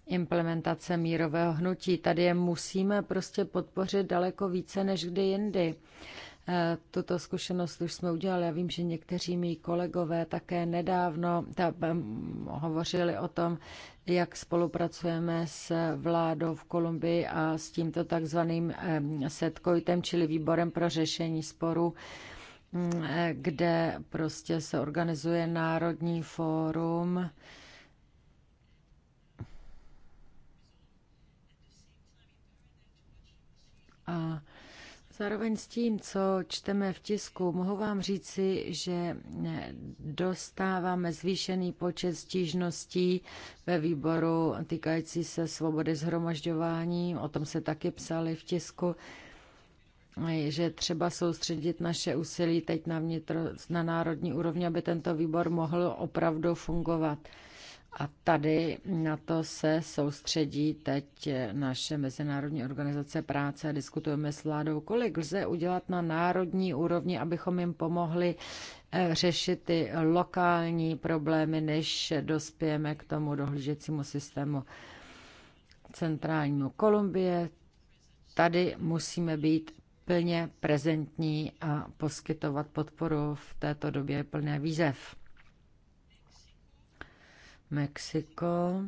implementace mírového hnutí. Tady je musíme prostě podpořit daleko více než kdy jindy. Eh, tuto zkušenost už jsme udělali. Já vím, že někteří mý kolegové také nedávno hovořili o tom, jak spolupracujeme s vládou v Kolumbii a s tímto takzvaným setkojtem, čili výborem pro řešení sporů mm, eh, kde prostě se organizuje Národní fórum. A Zároveň s tím, co čteme v tisku, mohu vám říci, že dostáváme zvýšený počet stížností ve výboru týkající se svobody zhromažďování, o tom se taky psali v tisku, že třeba soustředit naše úsilí teď na, vnitro, na národní úrovni, aby tento výbor mohl opravdu fungovat. A tady na to se soustředí teď naše Mezinárodní organizace práce. a Diskutujeme s vládou, kolik lze udělat na národní úrovni, abychom jim pomohli eh, řešit ty lokální problémy, než dospějeme k tomu dohlížecímu systému centrálnímu Kolumbie. Tady musíme být plně prezentní a poskytovat podporu v této době plné výzev. Mexiko.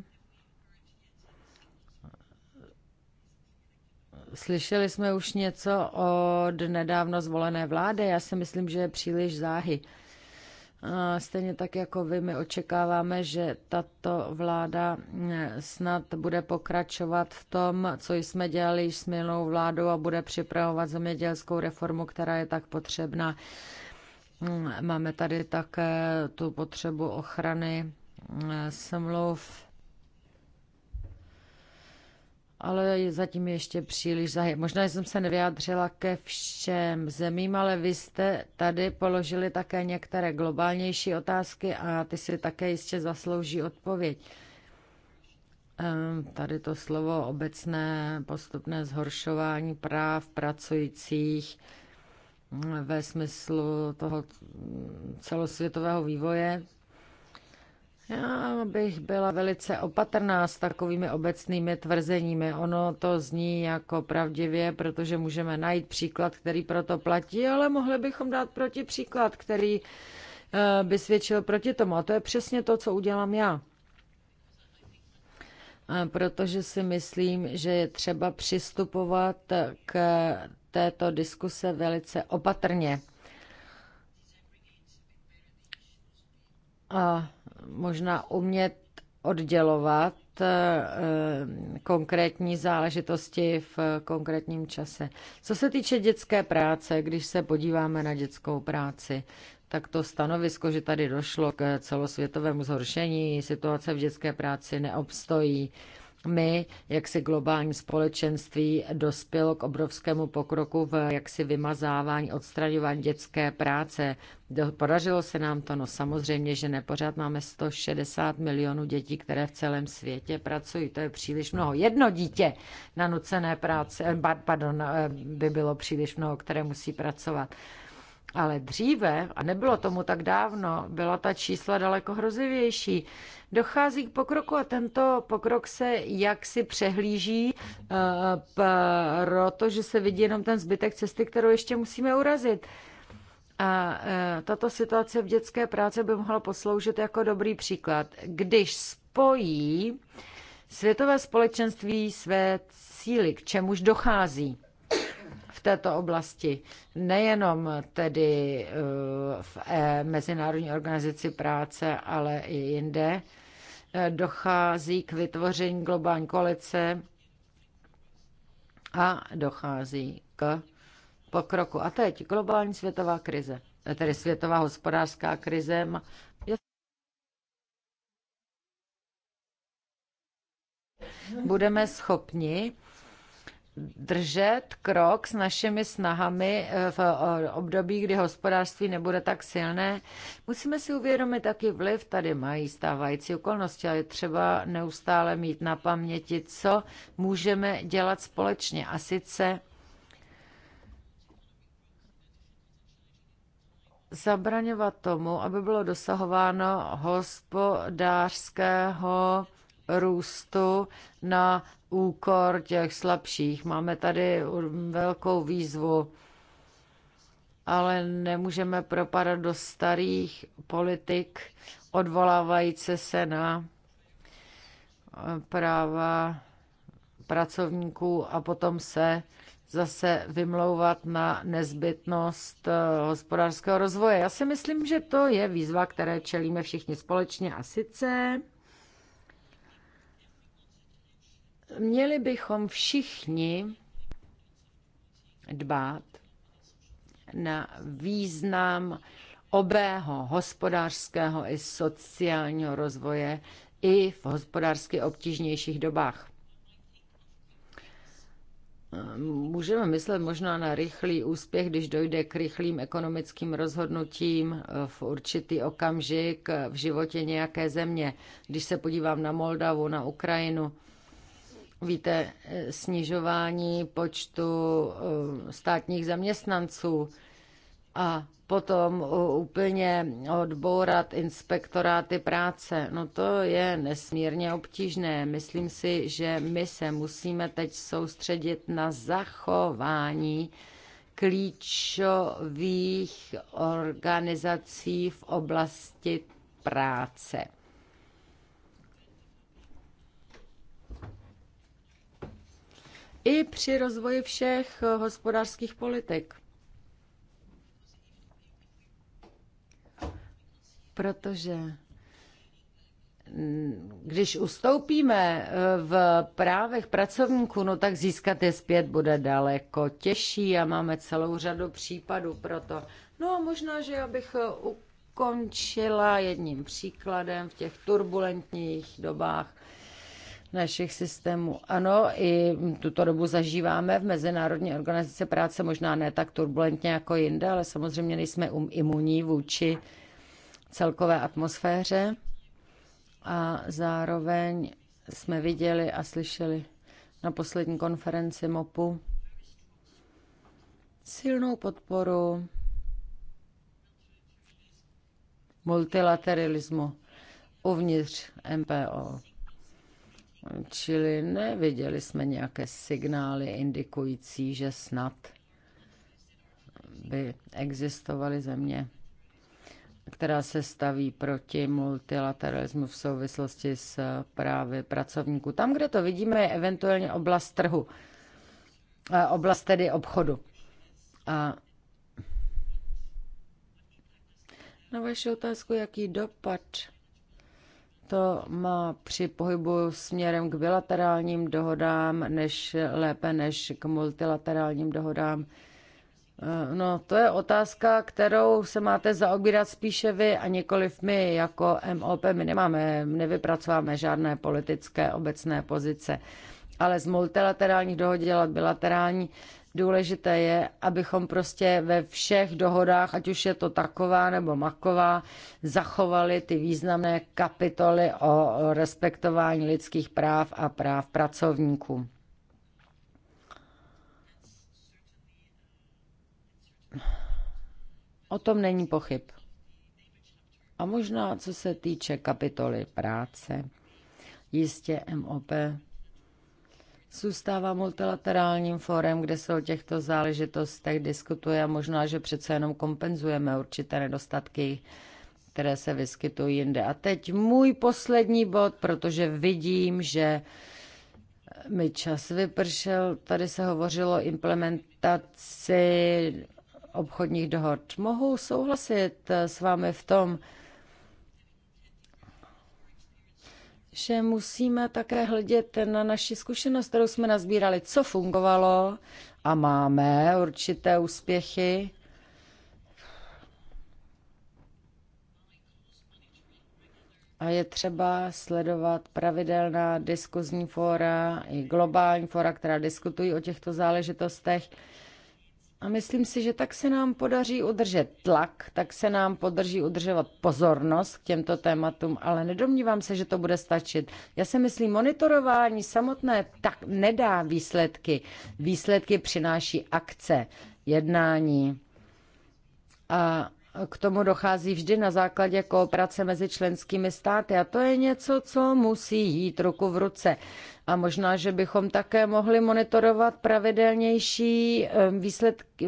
Slyšeli jsme už něco od nedávno zvolené vlády. Já si myslím, že je příliš záhy. Stejně tak jako vy, my očekáváme, že tato vláda eh, snad bude pokračovat v tom, co jsme dělali s minulou vládou a bude připravovat zemědělskou reformu, která je tak potřebná. Mm, máme tady také tu potřebu ochrany smluv, ale zatím ještě příliš zahy. Možná jsem se nevyjádřila ke všem zemím, ale vy jste tady položili také některé globálnější otázky a ty si také jistě zaslouží odpověď. Ehm, tady to slovo obecné postupné zhoršování práv pracujících mm, ve smyslu toho celosvětového vývoje, já bych byla velice opatrná s takovými obecnými tvrzeními. Ono to zní jako pravdivě, protože můžeme najít příklad, který proto platí, ale mohli bychom dát proti příklad, který eh, by svědčil proti tomu. A to je přesně to, co udělám já. Eh, protože si myslím, že je třeba přistupovat k této diskuse velice opatrně. A možná umět oddělovat eh, konkrétní záležitosti v konkrétním čase. Co se týče dětské práce, když se podíváme na dětskou práci, tak to stanovisko, že tady došlo k celosvětovému zhoršení, situace v dětské práci neobstojí my, jak si globální společenství dospělo k obrovskému pokroku v jaksi vymazávání, odstraňování dětské práce. Podařilo se nám to, no samozřejmě, že nepořád máme 160 milionů dětí, které v celém světě pracují. To je příliš mnoho. Jedno dítě na nucené práce, eh, pardon, eh, by bylo příliš mnoho, které musí pracovat. Ale dříve, a nebylo tomu tak dávno, byla ta čísla daleko hrozivější. Dochází k pokroku a tento pokrok se jaksi přehlíží, eh, protože se vidí jenom ten zbytek cesty, kterou ještě musíme urazit. A eh, tato situace v dětské práci by mohla posloužit jako dobrý příklad. Když spojí světové společenství své síly, k čemuž dochází, této oblasti, nejenom tedy eh, v eh, Mezinárodní organizaci práce, ale i jinde, eh, dochází k vytvoření globální koalice a dochází k pokroku. A teď globální světová krize, tedy světová hospodářská krize. Budeme schopni držet krok s našimi snahami eh, v eh, období, kdy hospodářství nebude tak silné. Musíme si uvědomit, jaký vliv tady mají stávající okolnosti a je třeba neustále mít na paměti, co můžeme dělat společně. A sice zabraňovat tomu, aby bylo dosahováno hospodářského růstu na úkor těch slabších. Máme tady velkou výzvu, ale nemůžeme propadat do starých politik, odvolávající se na práva pracovníků a potom se zase vymlouvat na nezbytnost eh, hospodářského rozvoje. Já si myslím, že to je výzva, které čelíme všichni společně a sice Měli bychom všichni dbát na význam obého hospodářského i sociálního rozvoje i v hospodářsky obtížnějších dobách. Můžeme myslet možná na rychlý úspěch, když dojde k rychlým ekonomickým rozhodnutím v určitý okamžik v životě nějaké země. Když se podívám na Moldavu, na Ukrajinu, Víte, eh, snižování počtu eh, státních zaměstnanců a potom eh, úplně odbourat inspektoráty práce. No to je nesmírně obtížné. Myslím si, že my se musíme teď soustředit na zachování klíčových organizací v oblasti práce. i při rozvoji všech eh, hospodářských politik. Protože mm, když ustoupíme eh, v právech pracovníků, no tak získat je zpět bude daleko těžší a máme celou řadu případů pro to. No a možná, že abych eh, ukončila jedním příkladem v těch turbulentních dobách našich systémů. Ano, i tuto dobu zažíváme v Mezinárodní organizaci práce, možná ne tak turbulentně jako jinde, ale samozřejmě nejsme um imunní vůči celkové atmosféře. A zároveň jsme viděli a slyšeli na poslední konferenci MOPu silnou podporu multilateralismu uvnitř MPO. Čili neviděli jsme nějaké signály indikující, že snad by existovaly země, která se staví proti multilateralismu v souvislosti s právy pracovníků. Tam, kde to vidíme, je eventuálně oblast trhu, oblast tedy obchodu. A na vaši otázku, jaký dopad to má při pohybu směrem k bilaterálním dohodám než lépe než k multilaterálním dohodám? Eh, no, to je otázka, kterou se máte zaobírat spíše vy a nikoliv my jako MOP. My nemáme, nevypracováme žádné politické obecné pozice, ale z multilaterálních dohod dělat bilaterální Důležité je, abychom prostě ve všech dohodách, ať už je to taková nebo maková, zachovali ty významné kapitoly o respektování lidských práv a práv pracovníků. O tom není pochyb. A možná, co se týče kapitoly práce, jistě MOP zůstává multilaterálním fórem, kde se o těchto záležitostech diskutuje a možná, že přece jenom kompenzujeme určité nedostatky, které se vyskytují jinde. A teď můj poslední bod, protože vidím, že mi čas vypršel. Tady se hovořilo o implementaci obchodních dohod. Mohu souhlasit s vámi v tom, že musíme také hledět na naši zkušenost, kterou jsme nazbírali, co fungovalo a máme určité úspěchy. A je třeba sledovat pravidelná diskuzní fóra i globální fóra, která diskutují o těchto záležitostech a myslím si, že tak se nám podaří udržet tlak, tak se nám podaří udržovat pozornost k těmto tématům, ale nedomnívám se, že to bude stačit. Já si myslím, monitorování samotné tak nedá výsledky. Výsledky přináší akce, jednání. A k tomu dochází vždy na základě kooperace mezi členskými státy a to je něco, co musí jít ruku v ruce. A možná, že bychom také mohli monitorovat pravidelnější výsledky,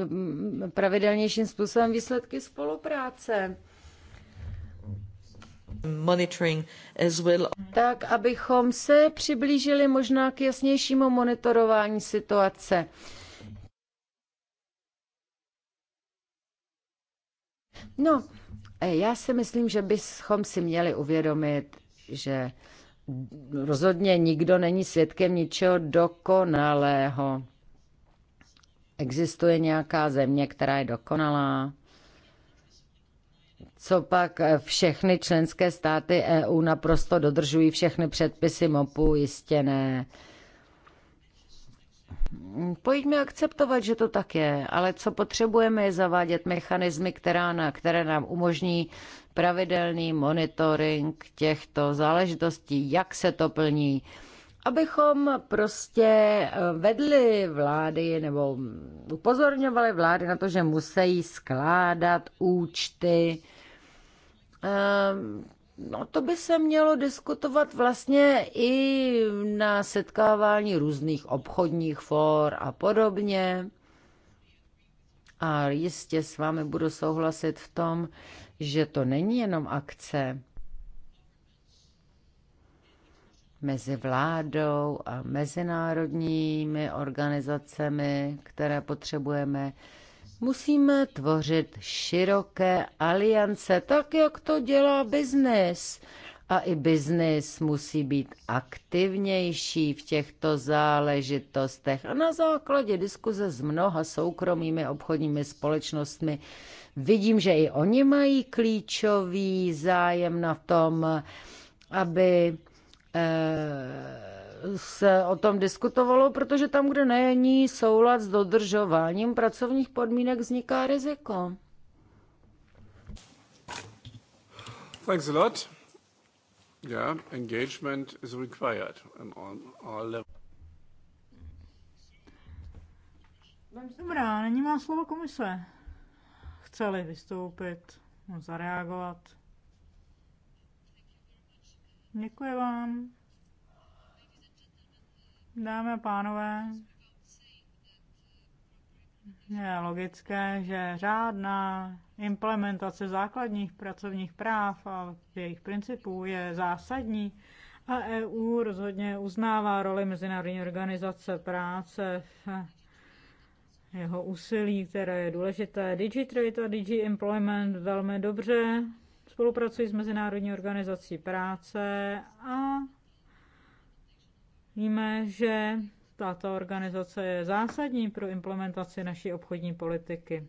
pravidelnějším způsobem výsledky spolupráce. Monitoring as well. Tak, abychom se přiblížili možná k jasnějšímu monitorování situace. No, eh, já si myslím, že bychom si měli uvědomit, že rozhodně nikdo není svědkem ničeho dokonalého. Existuje nějaká země, která je dokonalá? Co pak eh, všechny členské státy EU naprosto dodržují všechny předpisy MOPu? Jistě ne. Pojďme akceptovat, že to tak je, ale co potřebujeme je zavádět mechanismy, která na, které nám umožní pravidelný monitoring těchto záležitostí, jak se to plní, abychom prostě eh, vedli vlády nebo upozorňovali vlády na to, že musí skládat účty ehm, No to by se mělo diskutovat vlastně i na setkávání různých obchodních for a podobně. A jistě s vámi budu souhlasit v tom, že to není jenom akce mezi vládou a mezinárodními organizacemi, které potřebujeme, Musíme tvořit široké aliance, tak jak to dělá biznis. A i biznis musí být aktivnější v těchto záležitostech. A na základě diskuze s mnoha soukromými obchodními společnostmi vidím, že i oni mají klíčový zájem na tom, aby eh, se o tom diskutovalo, protože tam, kde není soulad s dodržováním pracovních podmínek, vzniká riziko. Thanks a lot. Yeah, engagement is required on all levels. Dobrá, není má slovo komise. Chceli vystoupit, zareagovat. Děkuji vám. Dámy a pánové, je logické, že řádná implementace základních pracovních práv a jejich principů je zásadní a EU rozhodně uznává roli Mezinárodní organizace práce v jeho úsilí, které je důležité. DigiTrade a DigiImplement velmi dobře spolupracují s Mezinárodní organizací práce a Víme, že tato organizace je zásadní pro implementaci naší obchodní politiky.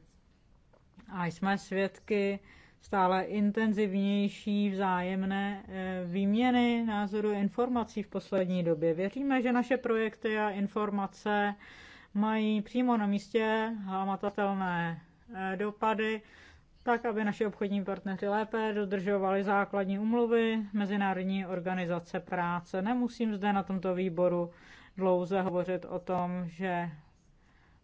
A jsme svědky stále intenzivnější vzájemné eh, výměny názorů informací v poslední době. Věříme, že naše projekty a informace mají přímo na místě hamatatelné eh, dopady tak aby naši obchodní partneři lépe dodržovali základní umluvy Mezinárodní organizace práce. Nemusím zde na tomto výboru dlouze hovořit o tom, že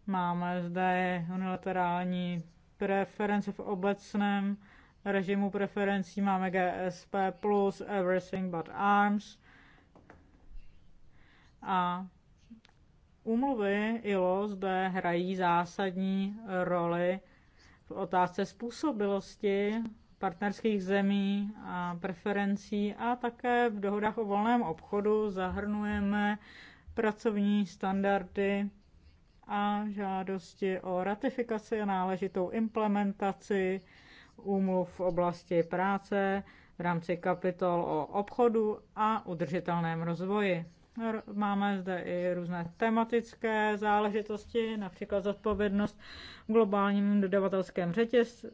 máme zde unilaterální preference v obecném režimu preferencí, máme GSP+, plus Everything But Arms a úmluvy ILO zde hrají zásadní roli v otázce způsobilosti partnerských zemí a preferencí a také v dohodách o volném obchodu zahrnujeme pracovní standardy a žádosti o ratifikaci a náležitou implementaci úmluv v oblasti práce v rámci kapitol o obchodu a udržitelném rozvoji. Máme zde i různé tematické záležitosti, například zodpovědnost v globálním dodavatelském řetězci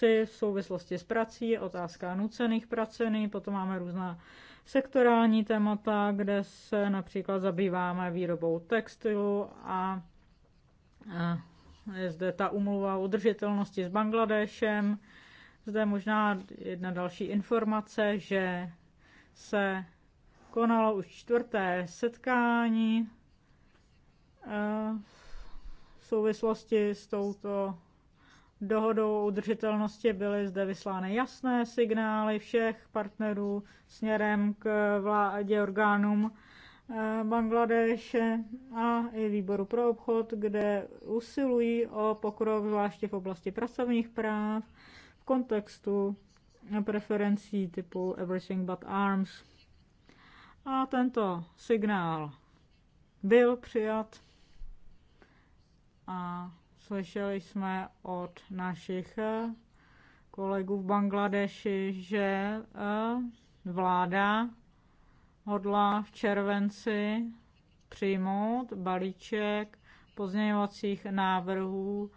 v souvislosti s prací, otázka nucených pracení, potom máme různá sektorální témata, kde se například zabýváme výrobou textilu a, a je zde ta umluva o udržitelnosti s Bangladešem. Zde možná jedna další informace, že se konalo už čtvrté setkání eh, v souvislosti s touto dohodou o udržitelnosti byly zde vyslány jasné signály všech partnerů směrem k vládě orgánům eh, Bangladeše a i výboru pro obchod, kde usilují o pokrok zvláště v oblasti pracovních práv v kontextu preferencí typu Everything but Arms. A tento signál byl přijat a slyšeli jsme od našich eh, kolegů v Bangladeši, že eh, vláda hodla v červenci přijmout balíček pozměňovacích návrhů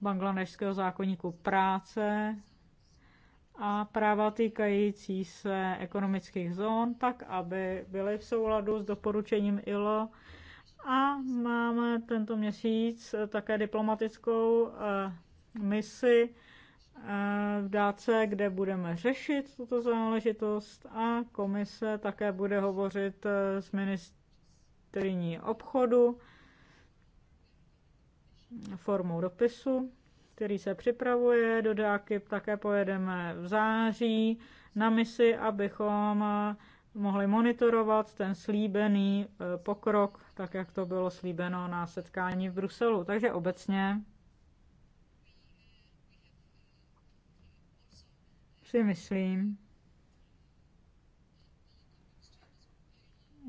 bangladešského zákonníku práce, a práva týkající se ekonomických zón, tak aby byly v souladu s doporučením ILO. A máme tento měsíc také diplomatickou eh, misi eh, v dáce, kde budeme řešit tuto záležitost a komise také bude hovořit eh, s ministriní obchodu formou dopisu který se připravuje. Do Dákyb také pojedeme v září na misi, abychom eh, mohli monitorovat ten slíbený eh, pokrok, tak jak to bylo slíbeno na setkání v Bruselu. Takže obecně si myslím,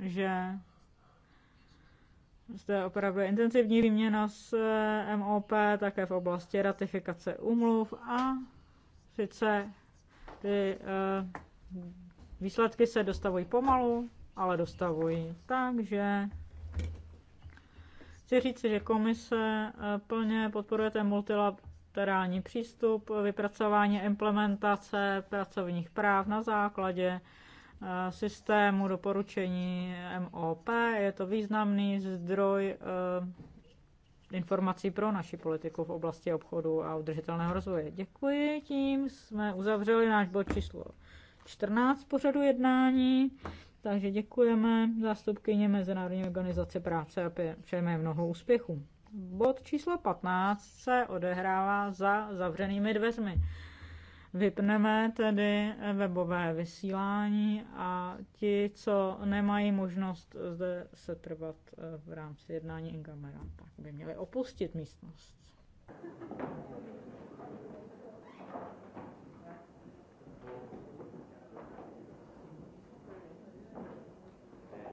že zde opravdu intenzivní výměna s eh, MOP, také v oblasti ratifikace umluv a sice ty eh, výsledky se dostavují pomalu, ale dostavují. Takže chci říct, že komise eh, plně podporuje ten multilaterální přístup, vypracování implementace pracovních práv na základě Eh, systému doporučení MOP. Je to významný zdroj eh, informací pro naši politiku v oblasti obchodu a udržitelného rozvoje. Děkuji, tím jsme uzavřeli náš bod číslo 14 pořadu jednání, takže děkujeme zástupkyně Mezinárodní organizace práce a přejeme mnoho úspěchů. Bod číslo 15 se odehrává za zavřenými dveřmi. Vypneme tedy webové vysílání a ti, co nemají možnost zde setrvat eh, v rámci jednání in camera, tak by měli opustit místnost.